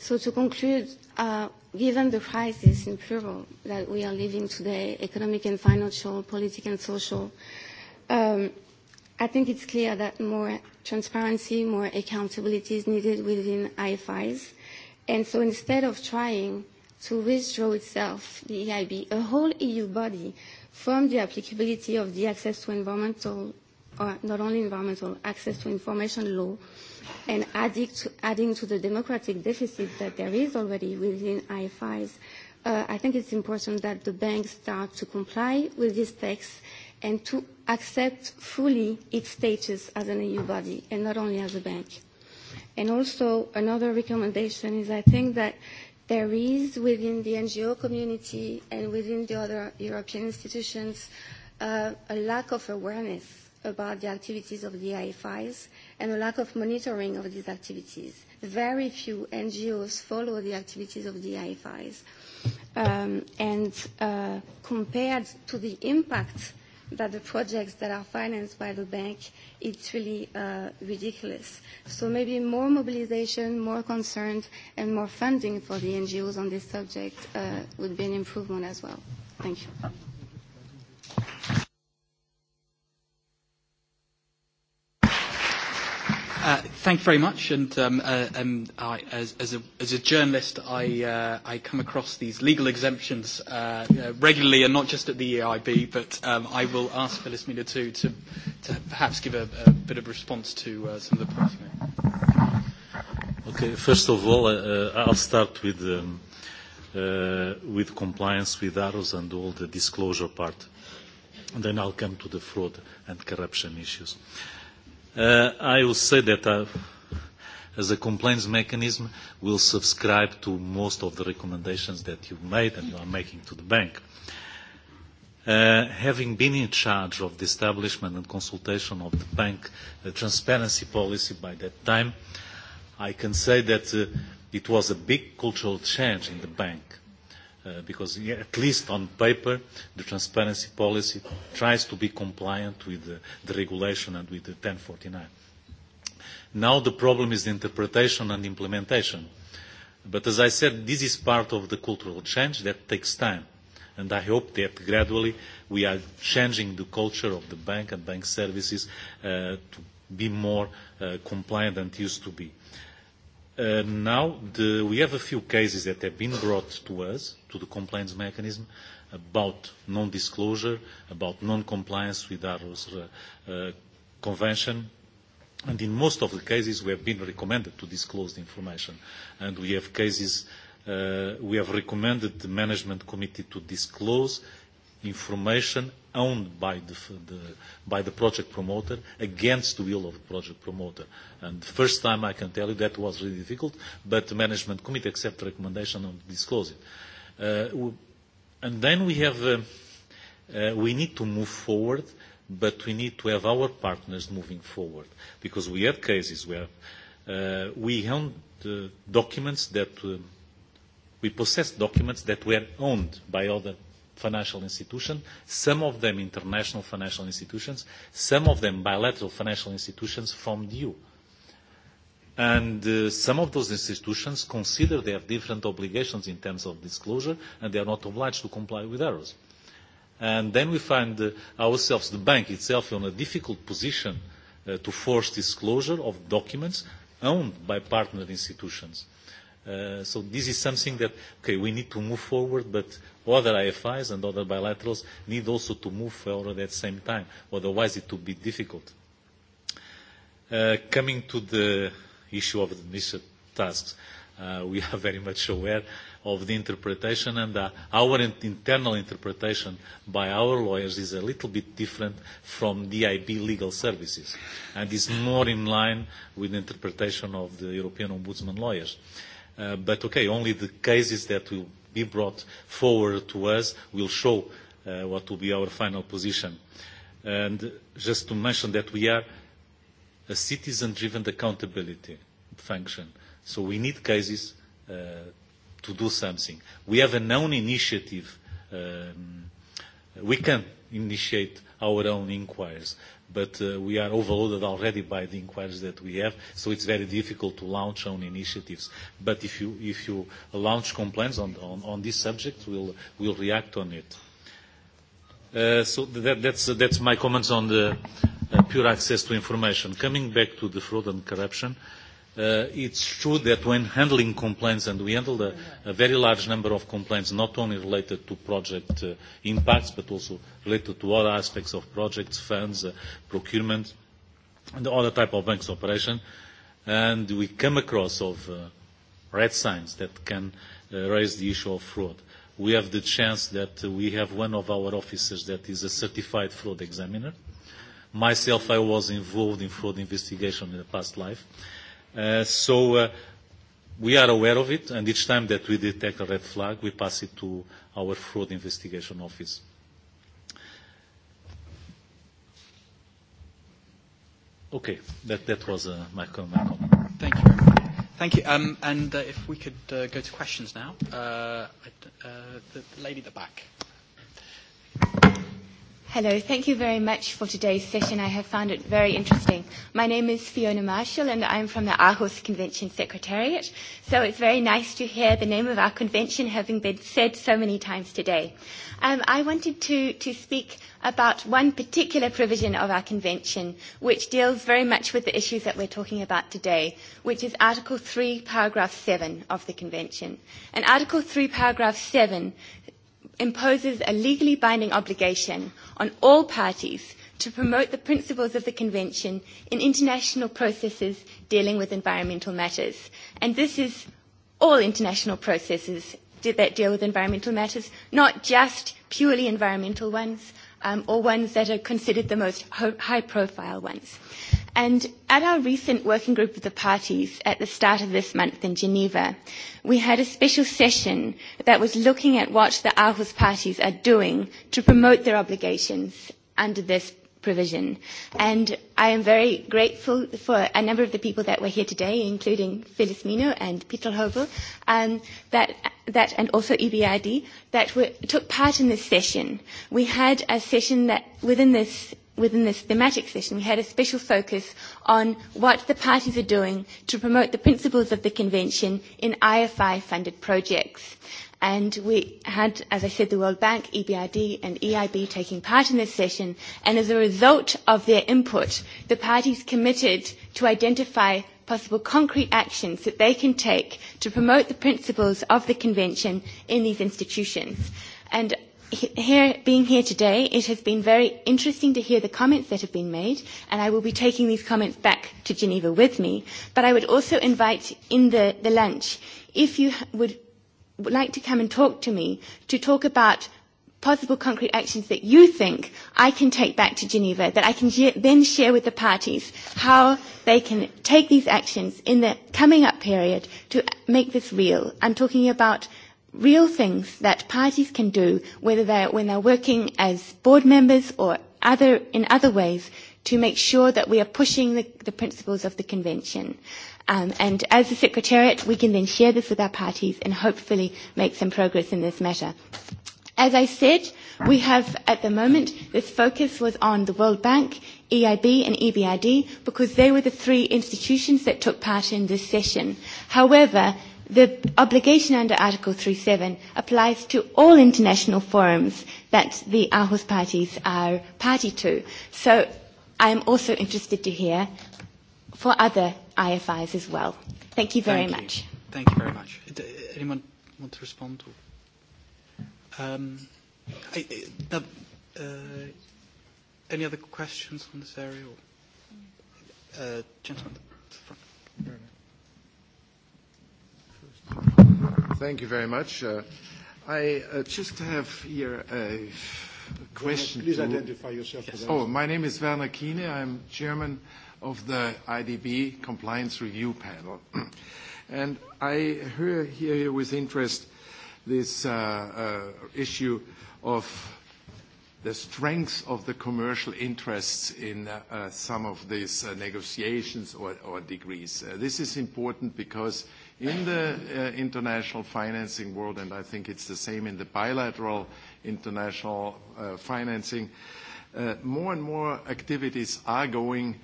So to conclude, uh, given the crisis in plural that we are living today, economic and financial, political and social, um, I think it's clear that more transparency, more accountability is needed within IFIs. And so instead of trying to withdraw itself, the EIB, a whole EU body, from the applicability of the access to environmental, or not only environmental, access to information law, and adding to, adding to the democratic deficit that there is already within IFIs, uh, I think it's important that the banks start to comply with this text and to accept fully its status as an EU body and not only as a bank. And also another recommendation is I think that there is within the NGO community and within the other European institutions uh, a lack of awareness about the activities of the IFIs and a lack of monitoring of these activities. Very few NGOs follow the activities of the IFIs. Um, and uh, compared to the impact that the projects that are financed by the bank, it's really uh, ridiculous. So maybe more mobilization, more concern, and more funding for the NGOs on this subject uh, would be an improvement as well. Thank you. Uh, thank you very much. And um, uh, and um, I, as, as, a, as a journalist, I, uh, I come across these legal exemptions uh, uh, regularly, and not just at the EIB. But um, I will ask Phyllis Mina too to, to perhaps give a, a bit of response to uh, some of the points made. Okay. First of all, uh, uh, I'll start with um, uh, with compliance with AROS and all the disclosure part, and then I'll come to the fraud and corruption issues. Uh, Uh, I will say that uh, as a complaints mechanism, will subscribe to most of the recommendations that you've made and you are making to the bank. Uh, having been in charge of the establishment and consultation of the bank the uh, transparency policy by that time, I can say that uh, it was a big cultural change in the bank uh, because at least on paper the transparency policy tries to be compliant with the, the regulation and with the 1049. Now the problem is the interpretation and implementation. But as I said, this is part of the cultural change that takes time. And I hope that gradually we are changing the culture of the bank and bank services uh, to be more uh, compliant than it used to be. Uh, Uh, now, the, we have a few cases that have been brought to us, to the complaints mechanism, about non-disclosure, about non-compliance with our uh, uh, convention, and in most of the cases we have been recommended to disclose the information and we have cases uh, we have recommended the management committee to disclose information owned by the, the, by the project promoter against the will of the project promoter. And the first time I can tell you that was really difficult, but the management committee accepted the recommendation and disclosed it. Uh, and then we have, uh, uh, we need to move forward, but we need to have our partners moving forward, because we had cases where uh, we owned uh, documents that, uh, we possessed documents that were owned by other financial institutions, some of them international financial institutions, some of them bilateral financial institutions from the EU. And uh, some of those institutions consider they have different obligations in terms of disclosure and they are not obliged to comply with errors. And then we find uh, ourselves, the bank itself, in a difficult position uh, to force disclosure of documents owned by partner institutions. Uh, so this is something that, okay, we need to move forward, but other IFIs and other bilaterals need also to move forward at the same time. Otherwise, it would be difficult. Uh, coming to the issue of the initial tasks, uh, we are very much aware of the interpretation and uh, our in internal interpretation by our lawyers is a little bit different from DIB legal services and is more in line with the interpretation of the European Ombudsman lawyers. Uh, Uh, but okay, only the cases that will be brought forward to us will show uh, what will be our final position. And just to mention that we are a citizen-driven accountability function. So we need cases uh, to do something. We have a known initiative. Um, we can initiate our own inquiries. But uh, we are overloaded already by the inquiries that we have, so it's very difficult to launch own initiatives. But if you, if you launch complaints on, on, on this subject, we'll, we'll react on it. Uh, so that, that's, uh, that's my comments on the uh, pure access to information. Coming back to the fraud and corruption, uh, uh, it's true that when handling complaints, and we handled a, a very large number of complaints, not only related to project uh, impacts, but also related to other aspects of projects, funds, uh, procurement, and other type of banks operation, and we come across of uh, red signs that can uh, raise the issue of fraud. We have the chance that uh, we have one of our officers that is a certified fraud examiner. Myself, I was involved in fraud investigation in the past life Uh, so uh, we are aware of it, and each time that we detect a red flag, we pass it to our fraud investigation office. Okay, that, that was uh, my, comment. Thank you Thank you. Um, and uh, if we could uh, go to questions now. Uh, uh, the lady at the back. Hello, thank you very much for today's session. I have found it very interesting. My name is Fiona Marshall and I'm from the Aarhus Convention Secretariat. So it's very nice to hear the name of our convention having been said so many times today. Um, I wanted to, to speak about one particular provision of our convention, which deals very much with the issues that we're talking about today, which is Article 3, Paragraph 7 of the convention. And Article 3, Paragraph 7 imposes a legally binding obligation on all parties to promote the principles of the Convention in international processes dealing with environmental matters. And this is all international processes that deal with environmental matters, not just purely environmental ones um, or ones that are considered the most high-profile ones. And at our recent working group of the parties at the start of this month in Geneva, we had a special session that was looking at what the Aarhus parties are doing to promote their obligations under this provision. And I am very grateful for a number of the people that were here today, including Phyllis Mino and Peter Hobel, um, that, that, and also EBRD, that were, took part in this session. We had a session that within this within this thematic session, we had a special focus on what the parties are doing to promote the principles of the Convention in IFI-funded projects. And we had, as I said, the World Bank, EBRD and EIB taking part in this session. And as a result of their input, the parties committed to identify possible concrete actions that they can take to promote the principles of the Convention in these institutions. And here, being here today, it has been very interesting to hear the comments that have been made, and I will be taking these comments back to Geneva with me. But I would also invite in the, the lunch, if you would, would like to come and talk to me, to talk about possible concrete actions that you think I can take back to Geneva, that I can then share with the parties how they can take these actions in the coming up period to make this real. I'm talking about real things that parties can do, whether they're, when they're working as board members or other, in other ways, to make sure that we are pushing the, the principles of the convention. Um, and as a secretariat, we can then share this with our parties and hopefully make some progress in this matter. As I said, we have at the moment, this focus was on the World Bank, EIB and EBRD because they were the three institutions that took part in this session. However, The obligation under Article 37 applies to all international forums that the Aarhus parties are party to. So I am also interested to hear for other IFIs as well. Thank you very Thank much. You. Thank you very much. Uh, uh, anyone want to respond? Um, I, uh, uh, any other questions on this area? Or, uh, gentlemen front. Thank you very much. Uh, I uh, just have here a question. please to, identify yourself. Yes. Oh, my name is Werner Kiene. I'm chairman of the IDB Compliance Review Panel. [clears throat] and I hear here with interest this uh, uh, issue of the strength of the commercial interests in uh, uh, some of these uh, negotiations or, or degrees. Uh, this is important because uh, in the uh, international financing world, and I think it's the same in the bilateral international uh, financing, uh, more and more activities are going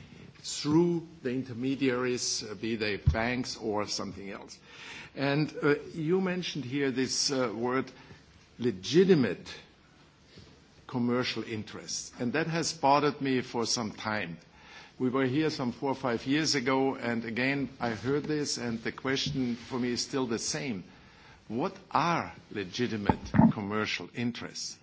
through the intermediaries, uh, be they banks or something else. And uh, you mentioned here this uh, word legitimate commercial interests, and that has bothered me for some time We were here some four or five years ago, and again, I heard this, and the question for me is still the same. What are legitimate commercial interests?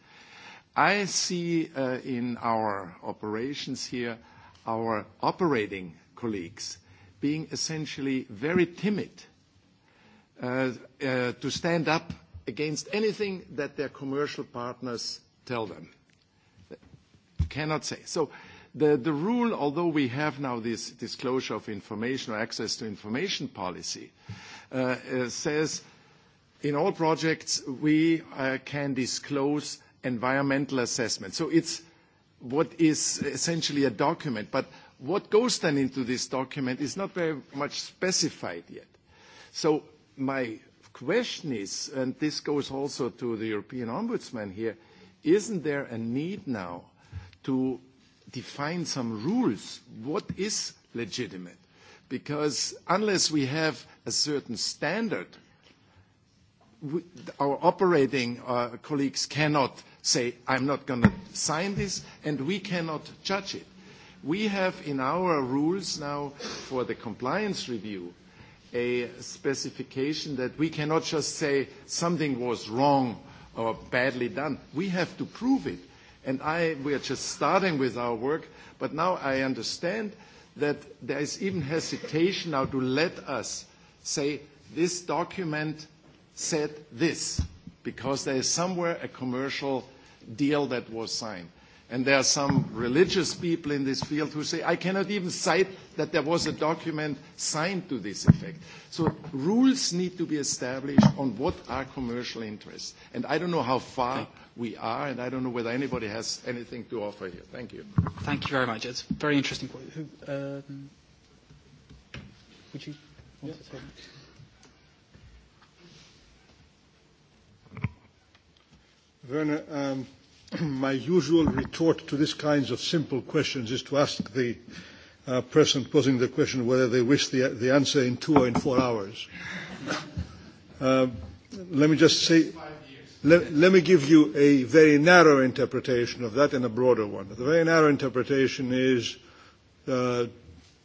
I see uh, in our operations here our operating colleagues being essentially very timid uh, uh, to stand up against anything that their commercial partners tell them. Cannot say. So The, rule, although we have now this disclosure of information or access to information policy, uh, uh, says in all projects we uh, can disclose environmental assessment. So it's what is essentially a document, but what goes then into this document is not very much specified yet. So my question is, and this goes also to the European Ombudsman here, isn't there a need now to define some rules. What is legitimate? Because unless we have a certain standard, we, our operating uh, colleagues cannot say, I'm not going to sign this, and we cannot judge it. We have in our rules now for the compliance review a specification that we cannot just say something was wrong or badly done. We have to prove it and I, we are just starting with our work, but now I understand that there is even hesitation now to let us say this document said this, because there is somewhere a commercial deal that was signed. And there are some religious people in this field who say, I cannot even cite that there was a document signed to this effect. So rules need to be established on what are commercial interests. And I don't know how far we are, and I don't know whether anybody has anything to offer here. Thank you. Thank you very much. It's a very interesting point. Who, um, would you want yeah. to say that? Werner, um, [clears throat] my usual retort to these kinds of simple questions is to ask the uh, person posing the question whether they wish the, the answer in two or in four hours. [laughs] uh, let me just say... Let, let me give you a very narrow interpretation of that and a broader one. The very narrow interpretation is, uh,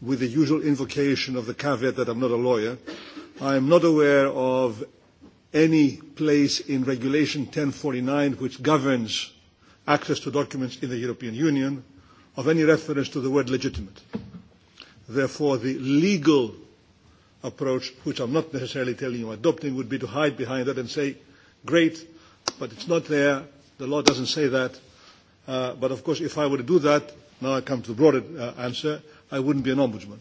with the usual invocation of the caveat that I'm not a lawyer, I am not aware of any place in Regulation 1049 which governs access to documents in the European Union of any reference to the word legitimate. Therefore, the legal approach, which I'm not necessarily telling you adopting, would be to hide behind that and say, great, but it's not there. The law doesn't say that. Uh, but of course, if I were to do that, now I come to the broader uh, answer, I wouldn't be an ombudsman.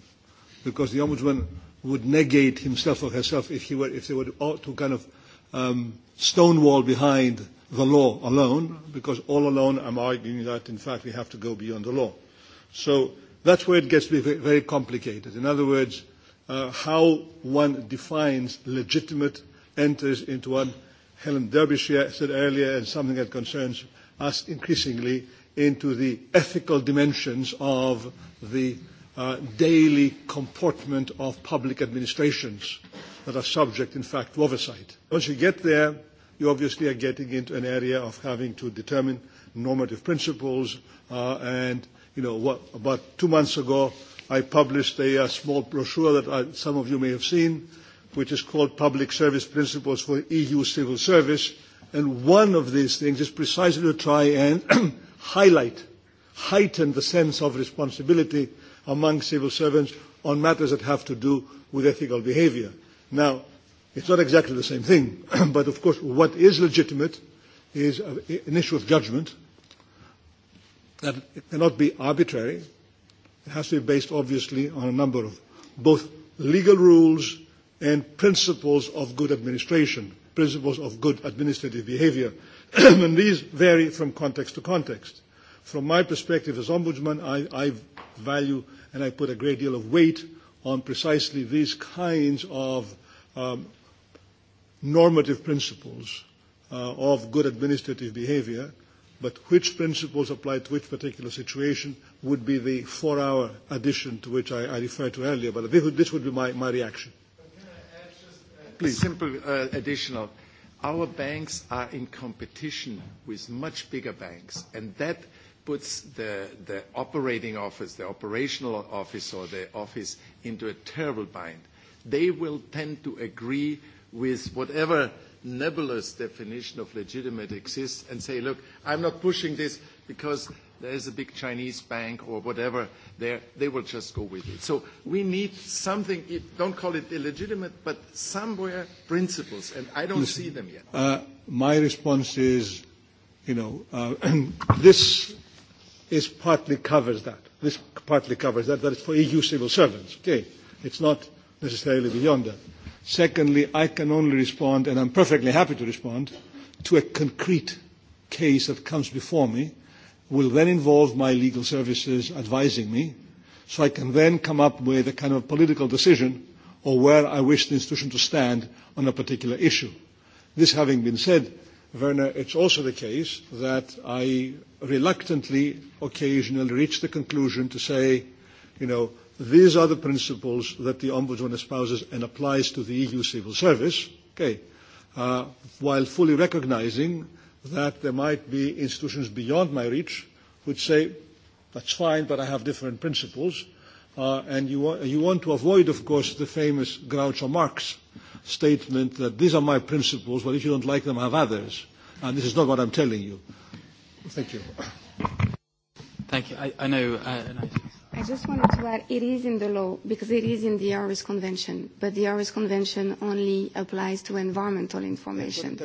Because the ombudsman would negate himself or herself if, he were, if they were to uh, kind of um, stonewall behind the law alone, because all alone I'm arguing that, in fact, we have to go beyond the law. So that's where it gets to be very complicated. In other words, uh, how one defines legitimate enters into one Helen Derbyshire said earlier, and something that concerns us increasingly, into the ethical dimensions of the uh, daily comportment of public administrations that are subject, in fact, to oversight. Once you get there, you obviously are getting into an area of having to determine normative principles. Uh, and, you know, what, about two months ago, I published a, a small brochure that I, uh, some of you may have seen which is called Public Service Principles for EU Civil Service. And one of these things is precisely to try and [clears throat] highlight, heighten the sense of responsibility among civil servants on matters that have to do with ethical behavior. Now, it's not exactly the same thing, [clears throat] but of course what is legitimate is an issue of judgment that it cannot be arbitrary. It has to be based obviously on a number of both legal rules and principles of good administration, principles of good administrative behavior. [clears throat] and these vary from context to context. From my perspective as Ombudsman, I, I value and I put a great deal of weight on precisely these kinds of um, normative principles uh, of good administrative behavior, but which principles apply to which particular situation would be the four-hour addition to which I, I referred to earlier. But this would, this would be my, my reaction. Please. Simple uh, additional. Our banks are in competition with much bigger banks, and that puts the, the operating office, the operational office or the office into a terrible bind. They will tend to agree with whatever nebulous definition of legitimate exists and say, look, I'm not pushing this because there is a big Chinese bank or whatever there, they will just go with it. So we need something, don't call it illegitimate, but somewhere principles, and I don't Listen, see them yet. Uh, my response is, you know, uh, [clears throat] this is partly covers that. This partly covers that, that is for EU civil servants, okay? It's not necessarily beyond that. Secondly, I can only respond, and I'm perfectly happy to respond, to a concrete case that comes before me, will then involve my legal services advising me, so I can then come up with a kind of political decision or where I wish the institution to stand on a particular issue. This having been said, Werner, it's also the case that I reluctantly occasionally reach the conclusion to say, you know, these are the principles that the Ombudsman espouses and applies to the EU civil service, okay, uh, while fully recognizing that there might be institutions beyond my reach which say, that's fine, but I have different principles. Uh, and you, wa you want to avoid, of course, the famous Groucho Marx statement that these are my principles, but if you don't like them, have others. And this is not what I'm telling you. Thank you. Thank you. I, I know. Uh, and I... I just wanted to add, it is in the law because it is in the ARIS Convention, but the ARIS Convention only applies to environmental information.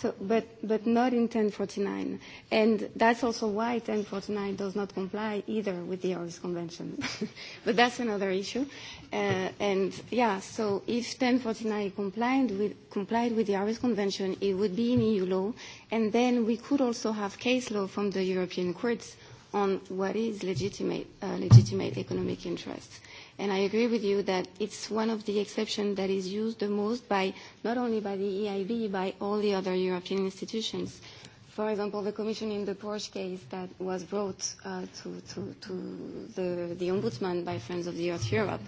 So, but, but not in 1049. And that's also why 1049 does not comply either with the ARIS Convention. [laughs] but that's another issue. Uh, and yeah, so if 1049 complied with, complied with the ARIS Convention, it would be in EU law. And then we could also have case law from the European courts on what is legitimate, uh, legitimate economic interests. And I agree with you that it's one of the exceptions that is used the most by not only by the EIB, by all the other European institutions. For example, the Commission in the Porsche case that was brought uh, to, to, to the, the Ombudsman by Friends of the Earth Europe,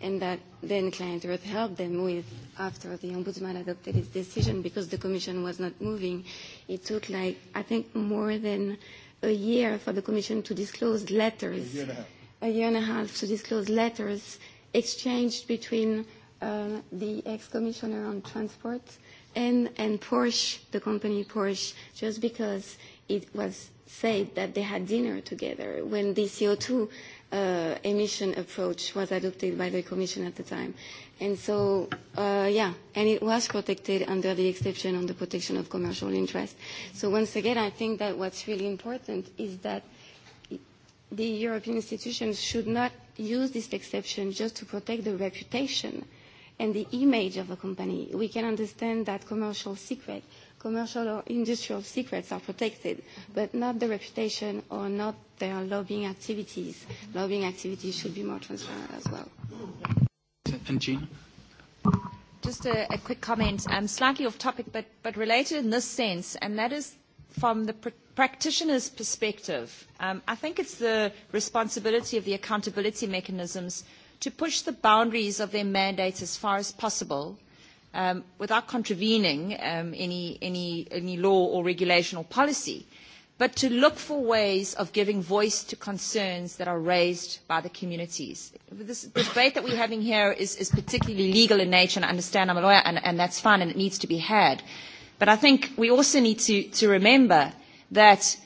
and that then Client Earth helped them with after the Ombudsman adopted his decision because the Commission was not moving. It took like, I think, more than a year for the Commission to disclose letters, a year and a half, a year and a half to disclose letters exchanged between uh, the ex-commissioner on transport and, and Porsche, the company Porsche, just because it was said that they had dinner together when the CO2 uh, emission approach was adopted by the Commission at the time. And so, uh, yeah, and it was protected under the exception on the protection of commercial interest. So once again, I think that what's really important is that the European institutions should not use this exception just to protect the reputation and the image of a company. We can understand that commercial secret, commercial or industrial secrets are protected, but not the reputation or not their lobbying activities. Lobbying activities should be more transparent as well and Jean? Just a, a quick comment, um, slightly off topic, but, but related in this sense, and that is from the pr practitioner's perspective. Um, I think it's the responsibility of the accountability mechanisms to push the boundaries of their mandates as far as possible um, without contravening um, any, any, any law or regulation or policy. Uh, but to look for ways of giving voice to concerns that are raised by the communities. This, debate that we're having here is, is particularly legal in nature, and I understand I'm a lawyer, and, and that's fine, and it needs to be had. But I think we also need to, to remember that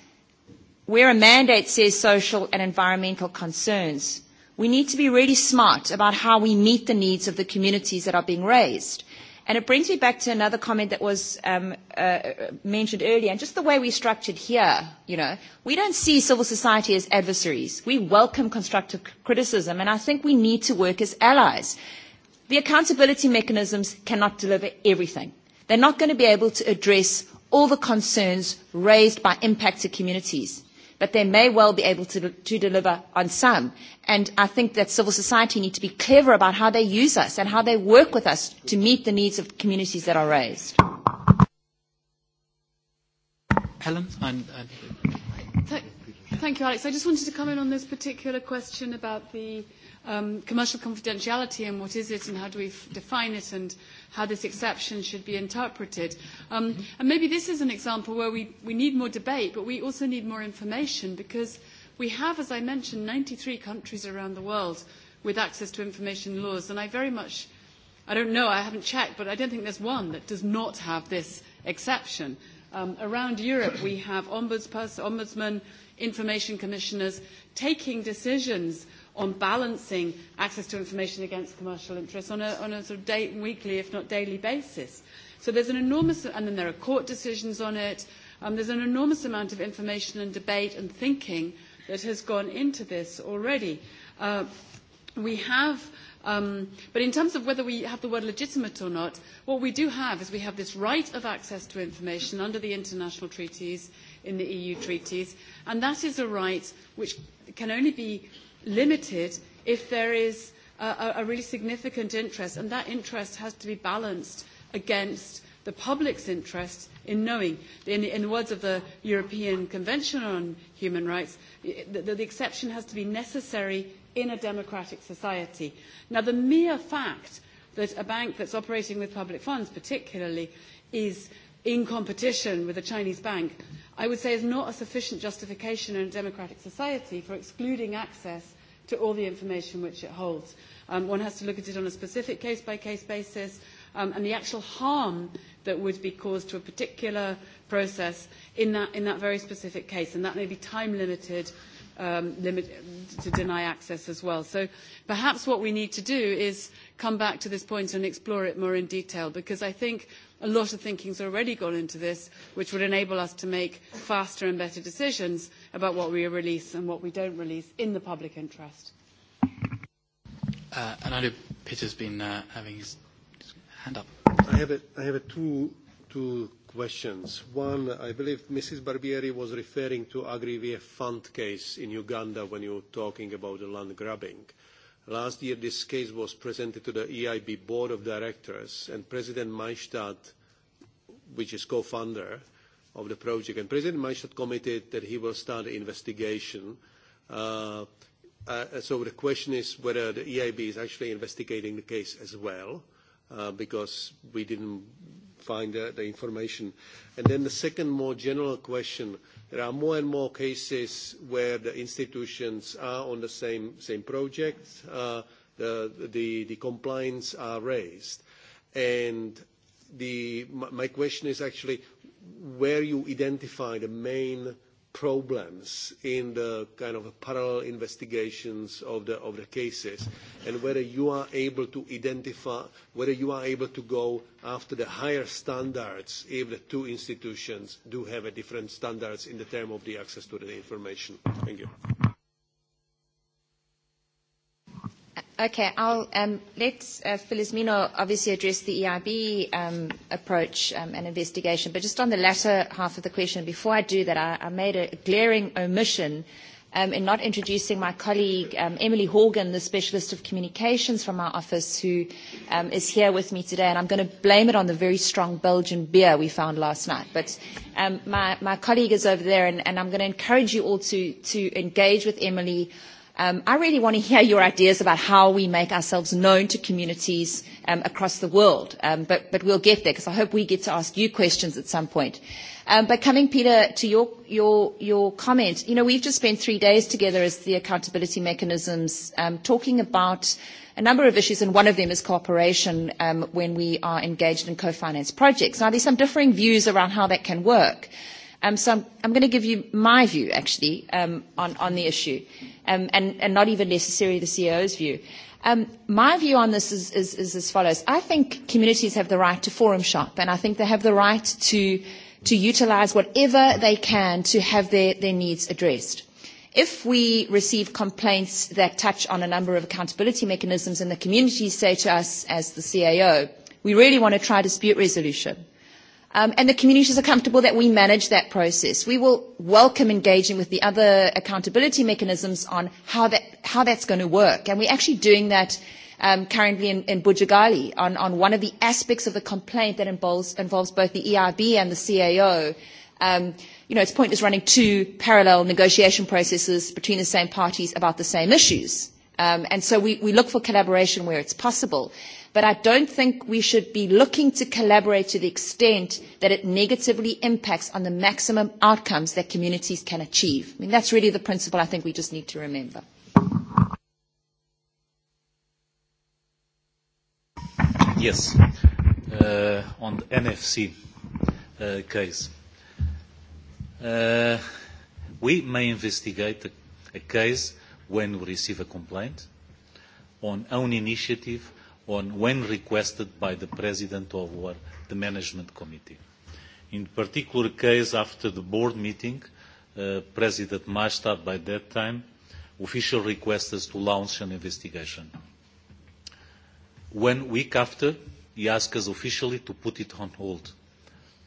where a mandate says social and environmental concerns, we need to be really smart about how we meet the needs of the communities that are being raised. And it brings me back to another comment that was um, uh, uh, mentioned earlier, and just the way we structured here, you know, we don't see civil society as adversaries. We welcome constructive criticism, and I think we need to work as allies. The accountability mechanisms cannot deliver everything. They're not going to be able to address all the concerns raised by impacted communities but they may well be able to, to deliver on some. And I think that civil society need to be clever about how they use us and how they work with us to meet the needs of communities that are raised. Helen, I'm, I'm Th Thank you, Alex. I just wanted to come in on this particular question about the um, commercial confidentiality and what is it and how do we f define it and how this exception should be interpreted. Um, and maybe this is an example where we, we need more debate, but we also need more information because we have, as I mentioned, 93 countries around the world with access to information laws, and I very much, I don't know, I haven't checked, but I don't think there's one that does not have this exception. Um, around Europe, we have ombudsmen, information commissioners taking decisions on balancing access to information against commercial interests on a, on a sort of day, weekly, if not daily basis. So there's an enormous, and then there are court decisions on it. Um, there's an enormous amount of information and debate and thinking that has gone into this already. Uh, we have Um, but in terms of whether we have the word legitimate or not, what we do have is we have this right of access to information under the international treaties, in the EU treaties, and that is a right which can only be limited if there is a, a really significant interest, and that interest has to be balanced against the public's interest in knowing. In, in the words of the European Convention on Human Rights, the, the exception has to be necessary in a democratic society. Now, the mere fact that a bank that's operating with public funds, particularly, is in competition with a Chinese bank, I would say is not a sufficient justification in a democratic society for excluding access to all the information which it holds. Um, one has to look at it on a specific case-by-case -case basis, um, and the actual harm that would be caused to a particular process in that, in that very specific case, and that may be time-limited um, limit, to deny access as well. So perhaps what we need to do is come back to this point and explore it more in detail, because I think a lot of thinking has already gone into this, which would enable us to make faster and better decisions about what we release and what we don't release in the public interest. Uh, and I know Peter's been uh, having his hand up. I have, a, I have a two, two questions. One, I believe Mrs. Barbieri was referring to agri fund case in Uganda when you were talking about the land grabbing. Last year, this case was presented to the EIB Board of Directors, and President Maistad, which is co-founder, of the project. And President Maishat committed that he will start an investigation. Uh, uh, so the question is whether the EIB is actually investigating the case as well, uh, because we didn't find the, the information. And then the second more general question, there are more and more cases where the institutions are on the same, same project, uh, the, the, the compliance are raised. And the, my question is actually, where you identify the main problems in the kind of parallel investigations of the, of the cases and whether you are able to identify, whether you are able to go after the higher standards if the two institutions do have a different standards in the term of the access to the information. Thank you. Okay, I'll, um, let uh, Mino obviously address the EIB um, approach um, and investigation, but just on the latter half of the question, before I do that, I, I made a glaring omission um, in not introducing my colleague um, Emily Horgan, the specialist of communications from our office, who um, is here with me today, and I'm going to blame it on the very strong Belgian beer we found last night. But um, my, my colleague is over there, and, and I'm going to encourage you all to, to engage with Emily Um, I really want to hear your ideas about how we make ourselves known to communities um, across the world, um, but, but we'll get there because I hope we get to ask you questions at some point. Um, but coming, Peter, to your, your, your comment, you know, we've just spent three days together as the accountability mechanisms um, talking about a number of issues, and one of them is cooperation um, when we are engaged in co-finance projects. Now, there's some differing views around how that can work. Um, so I'm, I'm going to give you my view, actually, um, on, on the issue, um, and, and not even necessarily the CEO's view. Um, my view on this is, is, is as follows. I think communities have the right to forum shop, and I think they have the right to, to utilize whatever they can to have their, their needs addressed. If we receive complaints that touch on a number of accountability mechanisms and the communities say to us as the CAO, e we really want to try dispute resolution Um, and the communities are comfortable that we manage that process. We will welcome engaging with the other accountability mechanisms on how, that, how that's going to work. And we're actually doing that um, currently in, in Bujagali on, on one of the aspects of the complaint that involves, involves both the EIB and the CAO. Um, you know, it's pointless running two parallel negotiation processes between the same parties about the same issues. Um, and so we, we look for collaboration where it's possible but I don't think we should be looking to collaborate to the extent that it negatively impacts on the maximum outcomes that communities can achieve. I mean, that's really the principle I think we just need to remember. Yes, uh, on the NFC uh, case. Uh, we may investigate a, a case when we receive a complaint on own initiative on when requested by the President of or the Management Committee. In particular case, after the board meeting, uh, President Maestad by that time, official requested to launch an investigation. One week after, he asked us officially to put it on hold,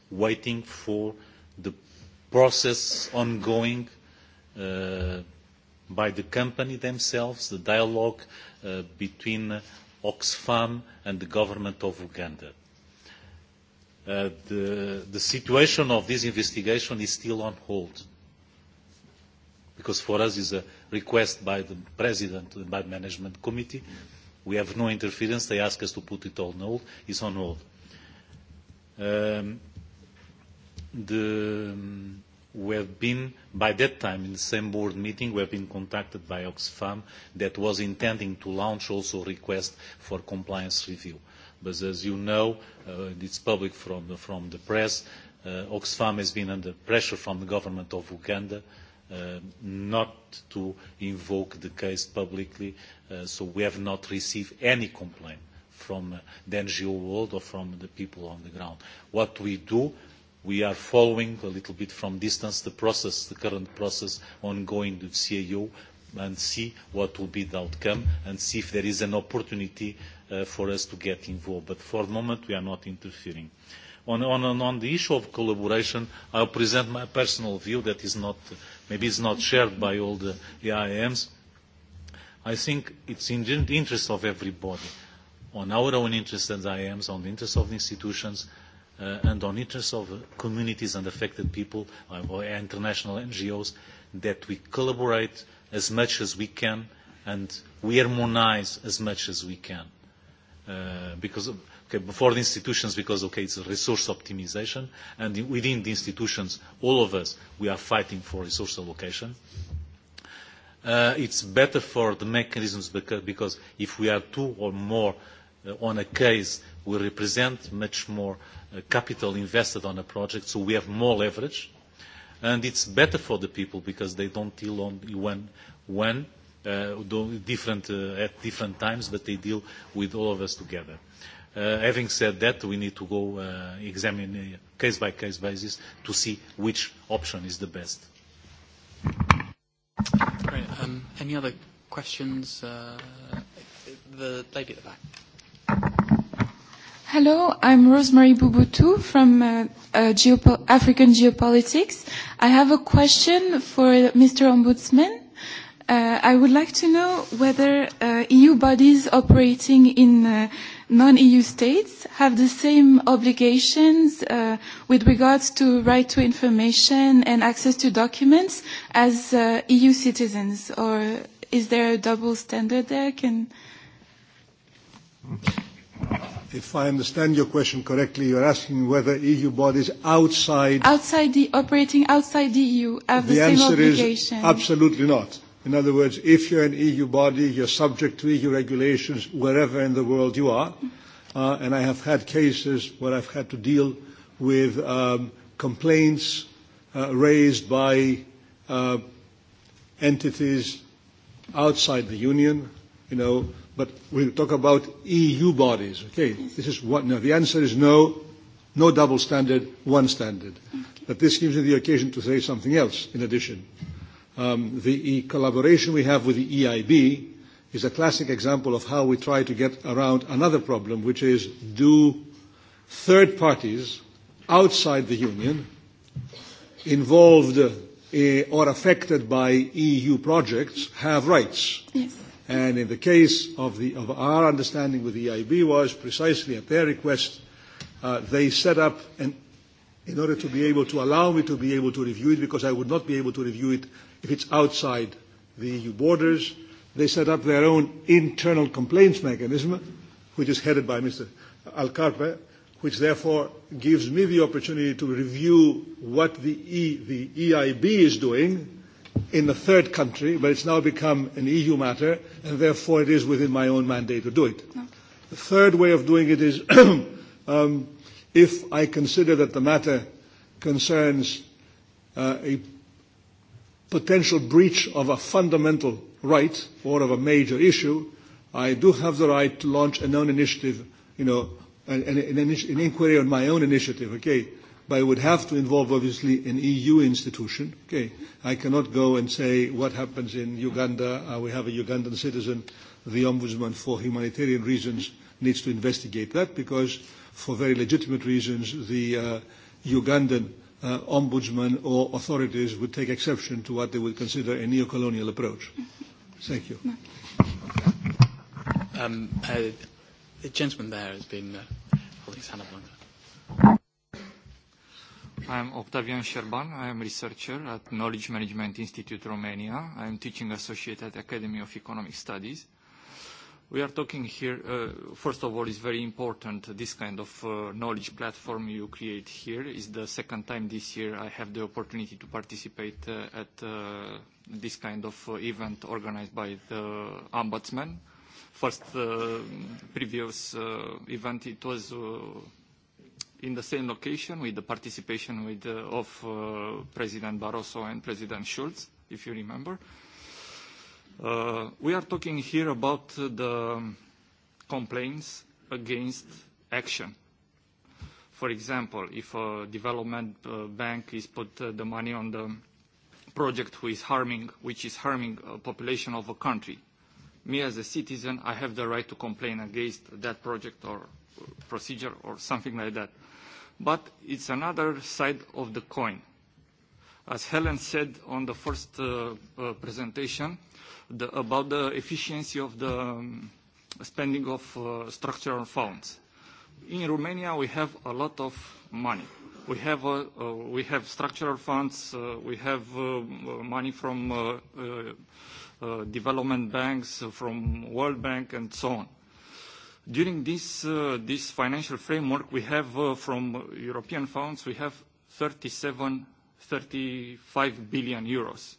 waiting for the process ongoing uh, by the company themselves, the dialogue uh, between Oxfam and the government of Uganda. Uh, the, the situation of this investigation is still on hold because for us is a request by the president and by the management committee. We have no interference. They ask us to put it on hold. It's on hold. Um, the, um, we have been, by that time, in the same board meeting, we have been contacted by Oxfam that was intending to launch also a request for compliance review. But as you know, uh, it's public from the, from the press, uh, Oxfam has been under pressure from the government of Uganda uh, not to invoke the case publicly, uh, so we have not received any complaint from uh, the NGO world or from the people on the ground. What we do we are following a little bit from distance the process, the current process ongoing with CAO and see what will be the outcome and see if there is an opportunity uh, for us to get involved. But for the moment, we are not interfering. On, on, on the issue of collaboration, I'll present my personal view that is not, maybe is not shared by all the AIMs. I think it's in the interest of everybody, on our own interests as IAMs, on the interests of the institutions, uh, and on interests of communities and affected people uh, or international NGOs that we collaborate as much as we can and we harmonize as much as we can. Uh, because okay, before the institutions, because okay, it's a resource optimization, and within the institutions, all of us, we are fighting for resource allocation. Uh, it's better for the mechanisms because, because if we are two or more uh, on a case, will represent much more uh, capital invested on a project, so we have more leverage. And it's better for the people because they don't deal only one, one uh, different, uh, at different times, but they deal with all of us together. Uh, having said that, we need to go uh, examine a uh, case by case basis to see which option is the best. Great. Um, any other questions? Uh, the lady at the back. Hello, I'm Rosemary Bubutu from uh, uh, Geopo African Geopolitics. I have a question for Mr. Ombudsman. Uh, I would like to know whether uh, EU bodies operating in uh, non-EU states have the same obligations uh, with regards to right to information and access to documents as uh, EU citizens, or is there a double standard there? Can... Okay. If I understand your question correctly, you're asking whether EU bodies outside... Outside the, operating outside the EU have the, the same obligation. The answer is absolutely not. In other words, if you're an EU body, you're subject to EU regulations wherever in the world you are. Uh, and I have had cases where I've had to deal with um, complaints uh, raised by uh, entities outside the Union, you know, But we talk about EU bodies, okay? This is what, no, the answer is no, no double standard, one standard. But this gives me the occasion to say something else in addition. Um, the e collaboration we have with the EIB is a classic example of how we try to get around another problem, which is do third parties outside the Union involved uh, or affected by EU projects have rights? Yes. And in the case of, the, of our understanding with the EIB was precisely at their request, uh, they set up an, in order to be able to allow me to be able to review it, because I would not be able to review it if it's outside the EU borders, they set up their own internal complaints mechanism, which is headed by Mr. Alcarpe, which therefore gives me the opportunity to review what the, e, the EIB is doing in a third country, but it's now become an EU matter, and therefore it is within my own mandate to do it. No. The third way of doing it is [clears throat] um, if I consider that the matter concerns uh, a potential breach of a fundamental right or of a major issue, I do have the right to launch a known initiative, you know, an, an, an inquiry on my own initiative, okay? but it would have to involve obviously an EU institution. Okay, I cannot go and say what happens in Uganda. Uh, we have a Ugandan citizen. The ombudsman, for humanitarian reasons, needs to investigate that because, for very legitimate reasons, the uh, Ugandan uh, ombudsman or authorities would take exception to what they would consider a neocolonial approach. Thank you. Um, uh, the gentleman there has been uh, holding his hand up longer. I am Octavian Sherban. I am researcher at Knowledge Management Institute Romania. I am teaching associate at Academy of Economic Studies. We are talking here, uh, first of all, it's very important, this kind of uh, knowledge platform you create here. It's the second time this year I have the opportunity to participate uh, at uh, this kind of uh, event organized by the Ombudsman. First uh, previous uh, event, it was uh, in the same location with the participation with, uh, of uh, President Barroso and President Schulz, if you remember. Uh, we are talking here about the complaints against action. For example, if a development uh, bank is put uh, the money on the project who is harming, which is harming a population of a country, me as a citizen, I have the right to complain against that project or procedure or something like that but it's another side of the coin. As Helen said on the first uh, uh, presentation the, about the efficiency of the um, spending of uh, structural funds. In Romania, we have a lot of money. We have, uh, uh, we have structural funds, uh, we have uh, money from uh, uh, uh, development banks, from World Bank, and so on. During this, uh, this financial framework, we have uh, from European funds, we have 37, 35 billion euros.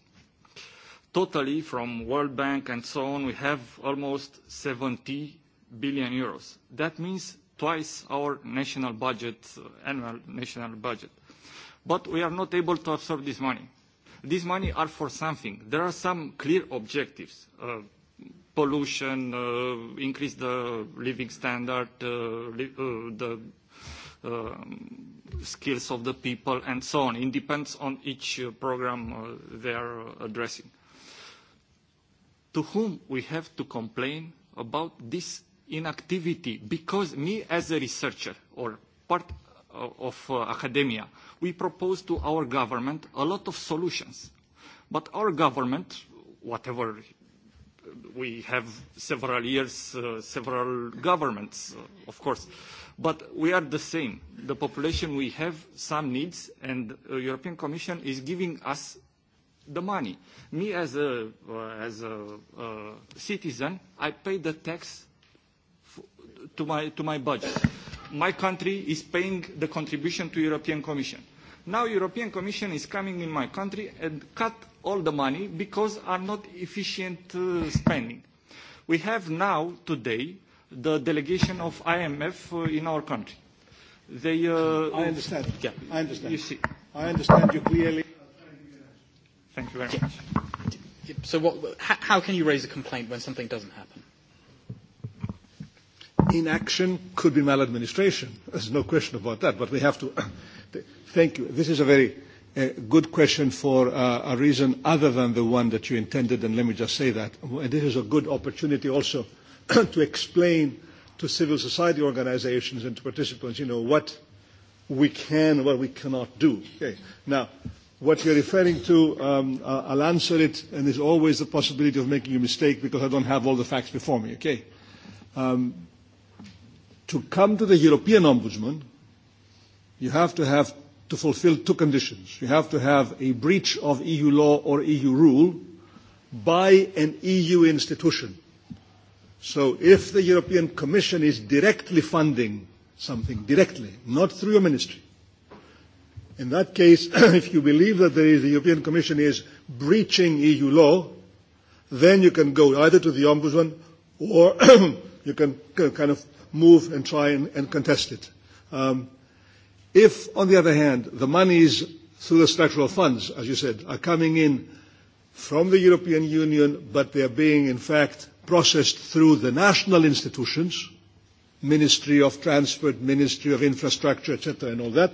Totally from World Bank and so on, we have almost 70 billion euros. That means twice our national budget, uh, annual national budget. But we are not able to absorb this money. This money are for something. There are some clear objectives. Uh, pollution, uh, increase the living standard, uh, li uh, the uh, skills of the people, and so on. It depends on each uh, program uh, they are uh, addressing. To whom we have to complain about this inactivity? Because me as a researcher or part uh, of uh, academia, we propose to our government a lot of solutions. But our government, whatever we have several years, uh, several governments, uh, of course. But we are the same. The population, we have some needs, and the European Commission is giving us the money. Me as a, uh, as a uh, citizen, I pay the tax f to, my, to my budget. My country is paying the contribution to European Commission. Now European Commission is coming in my country and cut all the money because are not efficient uh, spending. We have now, today, the delegation of IMF uh, in our country. They, uh, I understand. Yeah, I understand. You see. I understand you clearly. Thank you very yeah. much. So what, how can you raise a complaint when something doesn't happen? Inaction could be maladministration. There's no question about that, but we have to thank you. This is a very uh, good question for uh, a reason other than the one that you intended, and let me just say that. And this is a good opportunity also [clears throat] to explain to civil society organizations and to participants, you know, what we can, what we cannot do. Okay. Now, what you're referring to, um, uh, I'll answer it, and there's always the possibility of making a mistake because I don't have all the facts before me, okay? Um, to come to the European Ombudsman, you have to have to fulfill two conditions. You have to have a breach of EU law or EU rule by an EU institution. So if the European Commission is directly funding something, directly, not through your ministry, in that case, [clears throat] if you believe that there is, the European Commission is breaching EU law, then you can go either to the Ombudsman or [clears throat] you can kind of move and try and, and contest it. Um, If, on the other hand, the monies through the structural funds, as you said, are coming in from the European Union, but they are being, in fact, processed through the national institutions, Ministry of Transport, Ministry of Infrastructure, etc., and all that,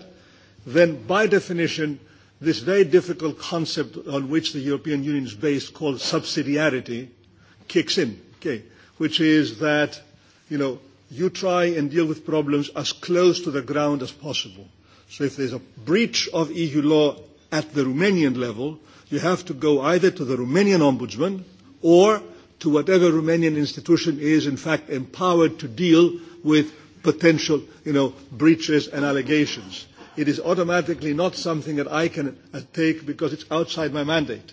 then by definition, this very difficult concept on which the European Union is based called subsidiarity kicks in, okay, which is that, you know, you try and deal with problems as close to the ground as possible. So if there's a breach of EU law at the Romanian level, you have to go either to the Romanian ombudsman or to whatever Romanian institution is in fact empowered to deal with potential you know, breaches and allegations. It is automatically not something that I can uh, take because it's outside my mandate.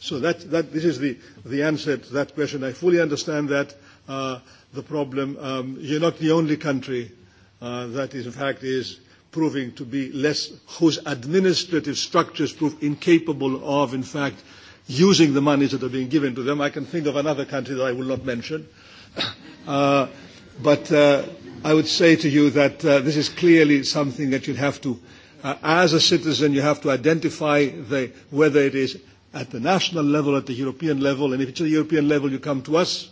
So that, that, this is the, the answer to that question. I fully understand that. Uh, the problem. Um, you're not the only country uh, that is, in fact is proving to be less, whose administrative structures prove incapable of, in fact, using the monies that are being given to them. I can think of another country that I will not mention. [coughs] uh, but uh, I would say to you that uh, this is clearly something that you have to, uh, as a citizen, you have to identify the, whether it is at the national level, at the European level, and if it's at the European level, you come to us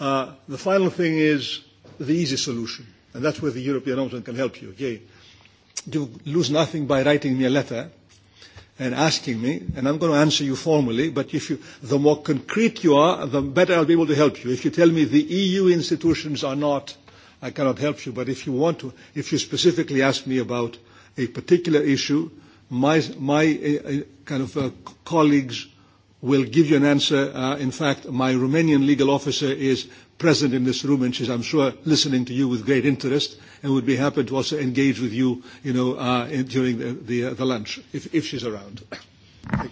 Uh, the final thing is the easy solution, and that's where the European Ombudsman can help you. Okay? You lose nothing by writing me a letter and asking me, and I'm going to answer you formally, but if you, the more concrete you are, the better I'll be able to help you. If you tell me the EU institutions are not, I cannot help you, but if you want to, if you specifically ask me about a particular issue, my, my uh, uh kind of uh, colleagues will give you an answer. Uh, in fact, my Romanian legal officer is present in this room and she's, I'm sure, listening to you with great interest and would be happy to also engage with you, you know, uh, in, during the, the, uh, the lunch, if, if she's around. [coughs]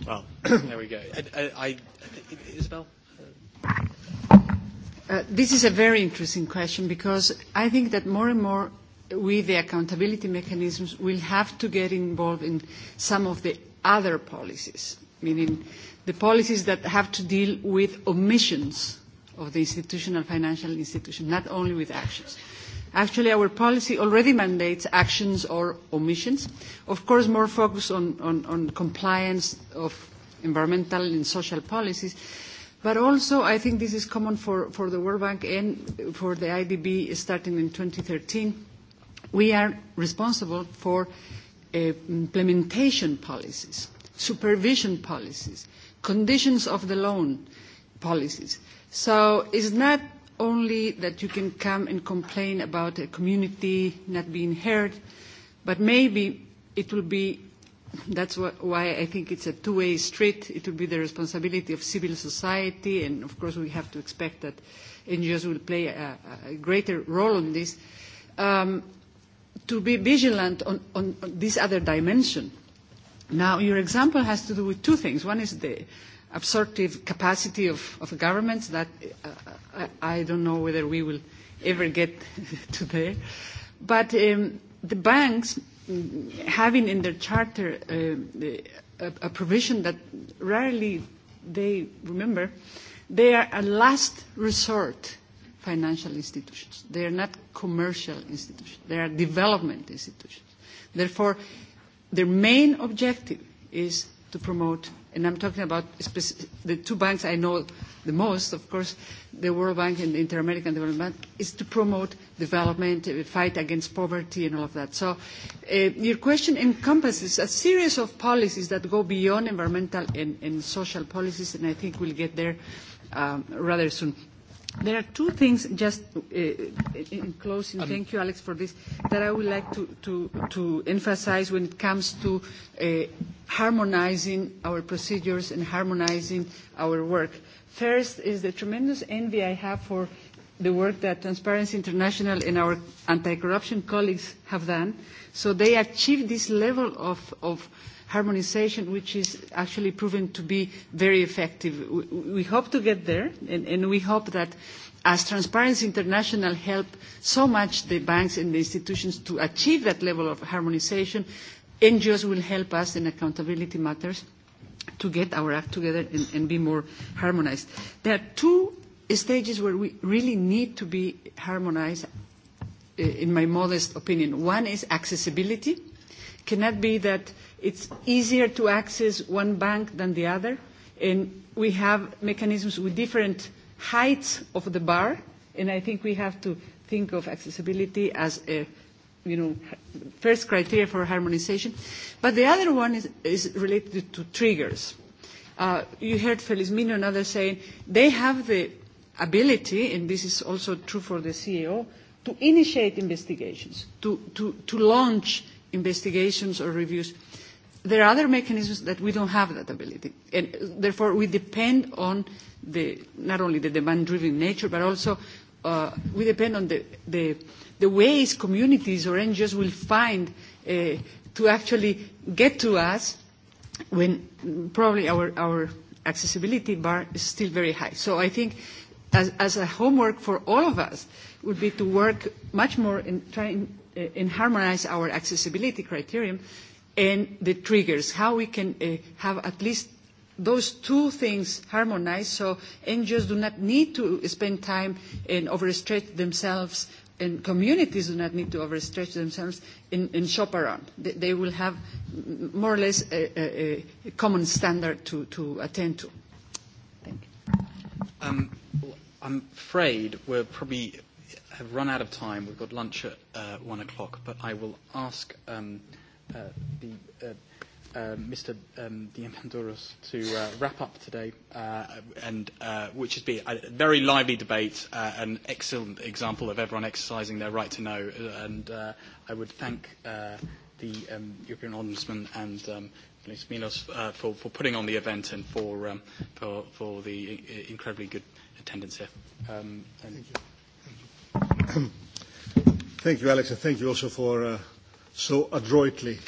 Well, [coughs] there we go. I, Isabel? Uh, this is a very interesting question because I think that more and more we, the accountability mechanisms, will have to get involved in some of the other policies, meaning the policies that have to deal with omissions of the institutional financial institution, not only with actions. Actually, our policy already mandates actions or omissions, of course more focus on, on, on compliance of environmental and social policies, But also, I think this is common for, for the World Bank and for the IDB starting in 2013. We are responsible for uh, implementation policies, supervision policies, conditions of the loan policies. So it's not only that you can come and complain about a community not being heard, but maybe it will be, that's what, why I think it's a two-way street, it will be the responsibility of civil society, and of course we have to expect that NGOs will play a, a greater role in this, um, to be vigilant on, on, on this other dimension Now, your example has to do with two things. One is the absorptive capacity of, of governments that uh, I, I don't know whether we will ever get [laughs] to there. But um, the banks mm, having in their charter uh, a, a provision that rarely they remember, they are a last resort financial institutions. They are not commercial institutions. They are development institutions. Therefore, their main objective is to promote, and I'm talking about the two banks I know the most, of course, the World Bank and the Inter-American Development Bank, is to promote development, uh, fight against poverty and all of that. So uh, your question encompasses a series of policies that go beyond environmental and, and social policies, and I think we'll get there um, rather soon. There are two things, just uh, in closing, um, thank you, Alex, for this, that I would like to, to, to emphasize when it comes to uh, harmonizing our procedures and harmonizing our work. First is the tremendous envy I have for uh, the work that Transparency International and our anti-corruption colleagues have done. So they achieved this level of, of harmonization, which is actually proven to be very effective. We, we hope to get there, and, and we hope that as Transparency International helped so much the banks and the institutions to achieve that level of harmonization, NGOs will help us in accountability matters to get our act together and, and be more harmonized. There are two stages where we really need to be harmonized, uh, in my modest opinion. One is accessibility. Cannot be that it's easier to access one bank than the other, and we have mechanisms with different heights of the bar, and I think we have to think of accessibility as a you know, first criteria for harmonization. But the other one is, is related to triggers. Uh, you heard Felizmino and others saying they have the ability, and this is also true for the CEO, to initiate investigations, to, to, to launch investigations or reviews. There are other mechanisms that we don't have that ability, and therefore we depend on the, not only the demand-driven nature, but also uh, we depend on the, the, the ways communities or NGOs will find uh, to actually get to us when probably our, our accessibility bar is still very high. So I think as, as a homework for all of us would be to work much more in trying uh, in harmonize our accessibility criterion and the triggers, how we can uh, have at least those two things harmonized so NGOs do not need to spend time and overstretch themselves and communities do not need to overstretch themselves in, in shop around. They, they will have more or less a, a, a common standard to, to attend to. Thank you. Um, I'm afraid we're probably have run out of time. We've got lunch at uh, one o'clock, but I will ask um, uh, the, uh, uh, Mr. Um, Diamandouros to uh, wrap up today, uh, and uh, which has been a very lively debate, uh, an excellent example of everyone exercising their right to know, and uh, I would thank uh, the um, European Ombudsman and um, Milos uh, for, for putting on the event and for, um, for, for the uh, incredibly good attendance here. Um, and thank, you. thank you. thank you, Alex, and thank you also for uh, so adroitly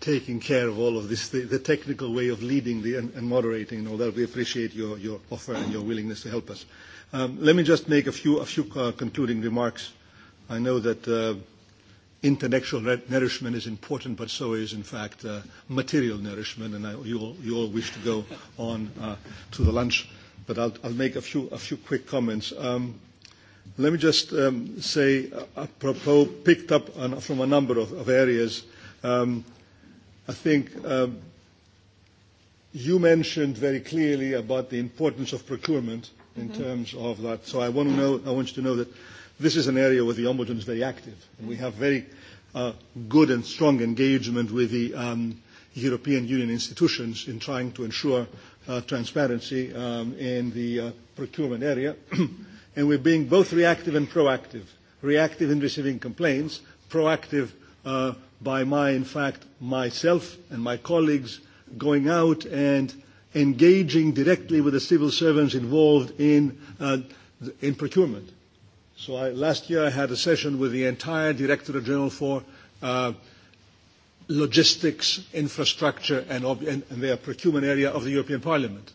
taking care of all of this, the, the technical way of leading the, and, and moderating and all that. We appreciate your, your offer and your willingness to help us. Um, let me just make a few, a few uh, concluding remarks. I know that uh, intellectual nourishment is important, but so is, in fact, uh, material nourishment, and I, you, all, you all wish to go on uh, to the lunch but I'll, I'll make a few, a few quick comments. Um, let me just um, say, uh, apropos, picked up on, from a number of, of areas, um, I think um, you mentioned very clearly about the importance of procurement in mm -hmm. terms of that. So I want, to know, I want you to know that this is an area where the Ombudsman is very active. And we have very uh, good and strong engagement with the um, European Union institutions in trying to ensure uh, transparency um, in the uh, procurement area. [clears throat] and we're being both reactive and proactive. Reactive in receiving complaints, proactive uh, by my, in fact, myself and my colleagues going out and engaging directly with the civil servants involved in, uh, in procurement. So I, last year I had a session with the entire Directorate General for uh, logistics, infrastructure, and, and, and their procurement area of the European Parliament.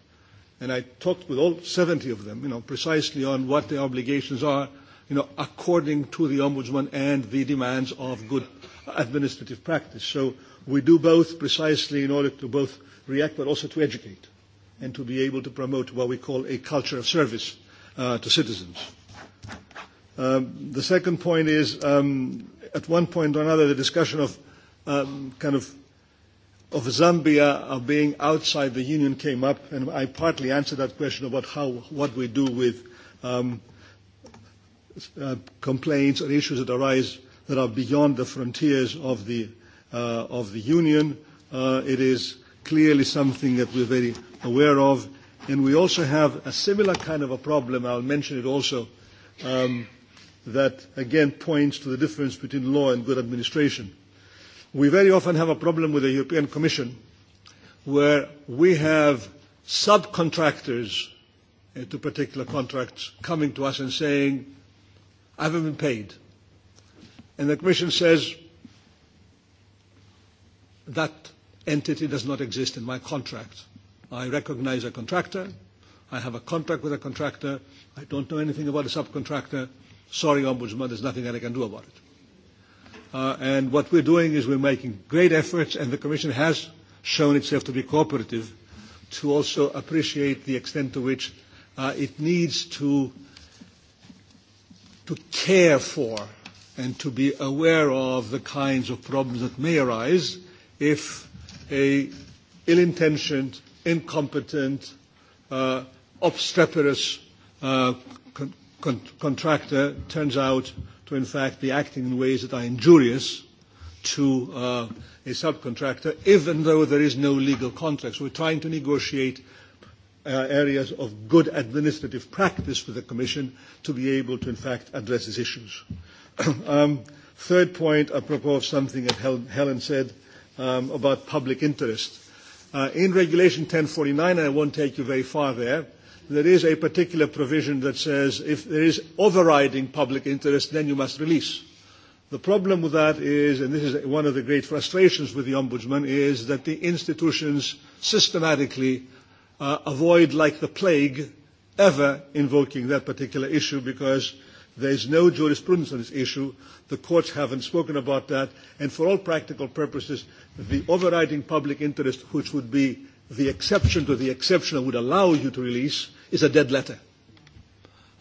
And I talked with all 70 of them, you know, precisely on what their obligations are, you know, according to the Ombudsman and the demands of good administrative practice. So we do both precisely in order to both react but also to educate and to be able to promote what we call a culture of service uh, to citizens. Um, the second point is, um, at one point or another, the discussion of um, kind of of Zambia of being outside the union came up, and I partly answered that question about how what we do with um, uh, complaints and issues that arise that are beyond the frontiers of the uh, of the union. Uh, it is clearly something that we're very aware of, and we also have a similar kind of a problem. I'll mention it also. Um, that again points to the difference between law and good administration we very often have a problem with the European Commission where we have subcontractors to particular contracts coming to us and saying, I haven't been paid. And the Commission says, that entity does not exist in my contract. I recognize a contractor. I have a contract with a contractor. I don't know anything about a subcontractor. Sorry, Ombudsman, there's nothing that I can do about it. Uh, and what we're doing is we're making great efforts, and the Commission has shown itself to be cooperative to also appreciate the extent to which uh, it needs to, to care for and to be aware of the kinds of problems that may arise if a ill-intentioned, incompetent, uh, obstreperous uh, con- con- contractor turns out to in fact be acting in ways that are injurious to uh, a subcontractor, even though there is no legal contract. So we're trying to negotiate uh, areas of good administrative practice for the Commission to be able to, in fact, address these issues. [coughs] um, third point, apropos of something that Hel Helen said um, about public interest. Uh, in Regulation 1049, and I won't take you very far there, there is a particular provision that says if there is overriding public interest, then you must release. The problem with that is, and this is one of the great frustrations with the Ombudsman, is that the institutions systematically uh, avoid, like the plague, ever invoking that particular issue because there's no jurisprudence on this issue. The courts haven't spoken about that. And for all practical purposes, the overriding public interest, which would be the exception to the exception that would allow you to release, is a dead letter.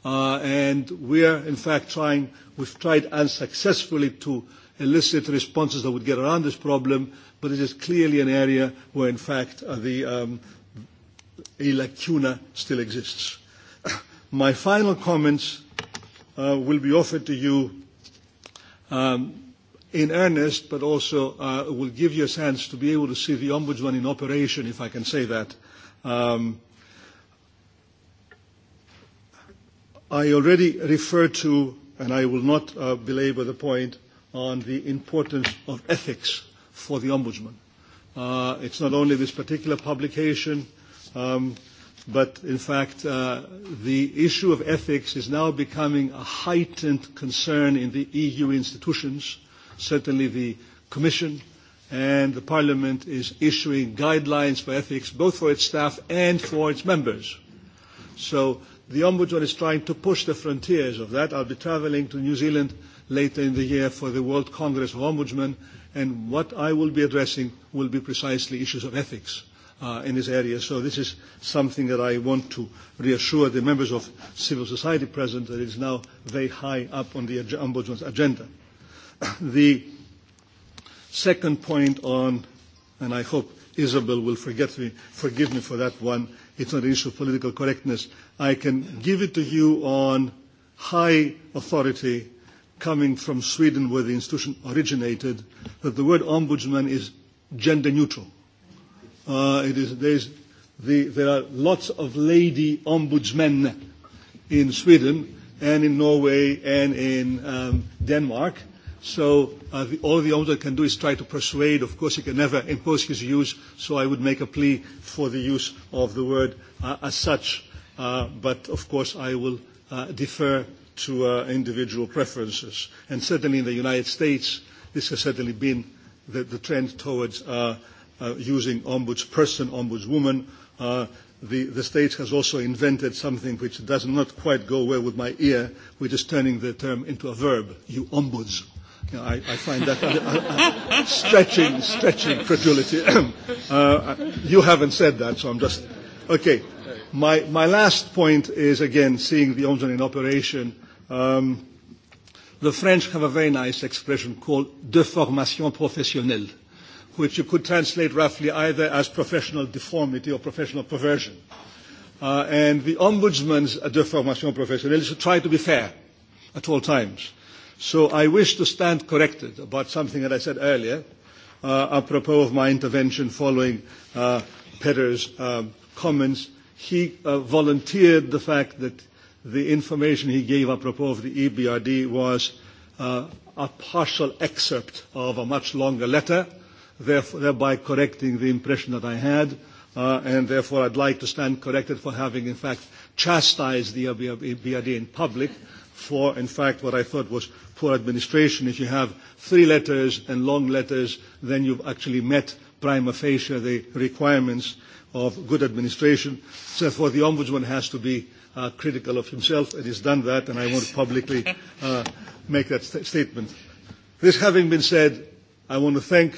Uh, and we are, in fact, trying, we've tried unsuccessfully to elicit responses that would get around this problem, but it is clearly an area where, in fact, uh, the, um, a lacuna still exists. [coughs] My final comments uh, will be offered to you um, in earnest, but also uh, will give you a sense to be able to see the Ombudsman in operation, if I can say that, um, I already referred to, and I will not uh, belabor the point, on the importance of ethics for the Ombudsman. Uh, it's not only this particular publication, um, but in fact uh, the issue of ethics is now becoming a heightened concern in the EU institutions. Certainly the Commission and the Parliament is issuing guidelines for ethics both for its staff and for its members. So the Ombudsman is trying to push the frontiers of that. I'll be traveling to New Zealand later in the year for the World Congress of Ombudsmen, and what I will be addressing will be precisely issues of ethics uh, in this area. So this is something that I want to reassure the members of civil society present that it is now very high up on the Ombudsman's agenda. [coughs] the second point on, and I hope Isabel will forget me, forgive me for that one, It's not an issue of political correctness. I can give it to you on high authority coming from Sweden where the institution originated that the word ombudsman is gender neutral. Uh, it is, there's the, there are lots of lady ombudsmen in Sweden and in Norway and in um, Denmark So uh, the, all the auditor can do is try to persuade. Of course, he can never impose his use, so I would make a plea for the use of the word uh, as such. Uh, but, of course, I will uh, defer to uh, individual preferences. And certainly in the United States, this has certainly been the, the trend towards uh, uh, using ombudsperson, ombudswoman. Uh, the, the state has also invented something which does not quite go well with my ear, which is turning the term into a verb, you ombuds You know, I, I find that uh, uh, stretching, stretching credulity. [clears throat] uh, you haven't said that, so I'm just... Okay, my, my last point is, again, seeing the Omzon in operation. Um, the French have a very nice expression called deformation professionnelle, which you could translate roughly either as professional deformity or professional perversion. Uh, and the Ombudsman's deformation professionnelle should try to be fair at all times So I wish to stand corrected about something that I said earlier uh, apropos of my intervention following uh, Petter's um, comments. He uh, volunteered the fact that the information he gave apropos of the EBRD was uh, a partial excerpt of a much longer letter, therefore, thereby correcting the impression that I had, uh, and therefore I'd like to stand corrected for having, in fact, chastised the EBRD in public for, in fact, what I thought was poor administration. If you have three letters and long letters, then you've actually met prima facie the requirements of good administration. So therefore, the Ombudsman has to be uh, critical of himself, and he's done that, and I want to publicly uh, make that st statement. This having been said, I want to thank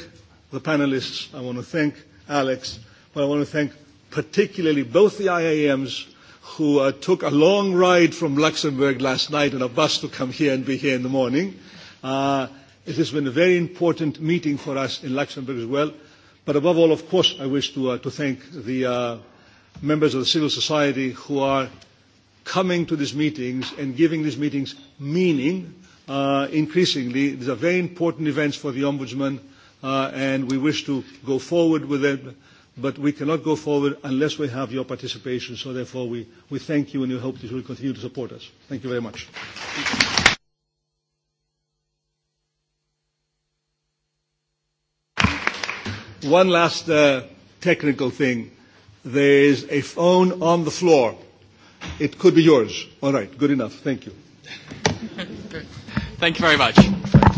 the panelists, I want to thank Alex, but I want to thank particularly both the IAMs who uh, took a long ride from Luxembourg last night on a bus to come here and be here in the morning. Uh, it has been a very important meeting for us in Luxembourg as well. But above all, of course, I wish to, uh, to thank the uh, members of the civil society who are coming to these meetings and giving these meetings meaning uh, increasingly. These are very important events for the Ombudsman, uh, and we wish to go forward with them but we cannot go forward unless we have your participation. So therefore, we, we thank you and we hope that you will continue to support us. Thank you very much. One last uh, technical thing. There is a phone on the floor. It could be yours. All right, good enough. Thank you. [laughs] thank you very much.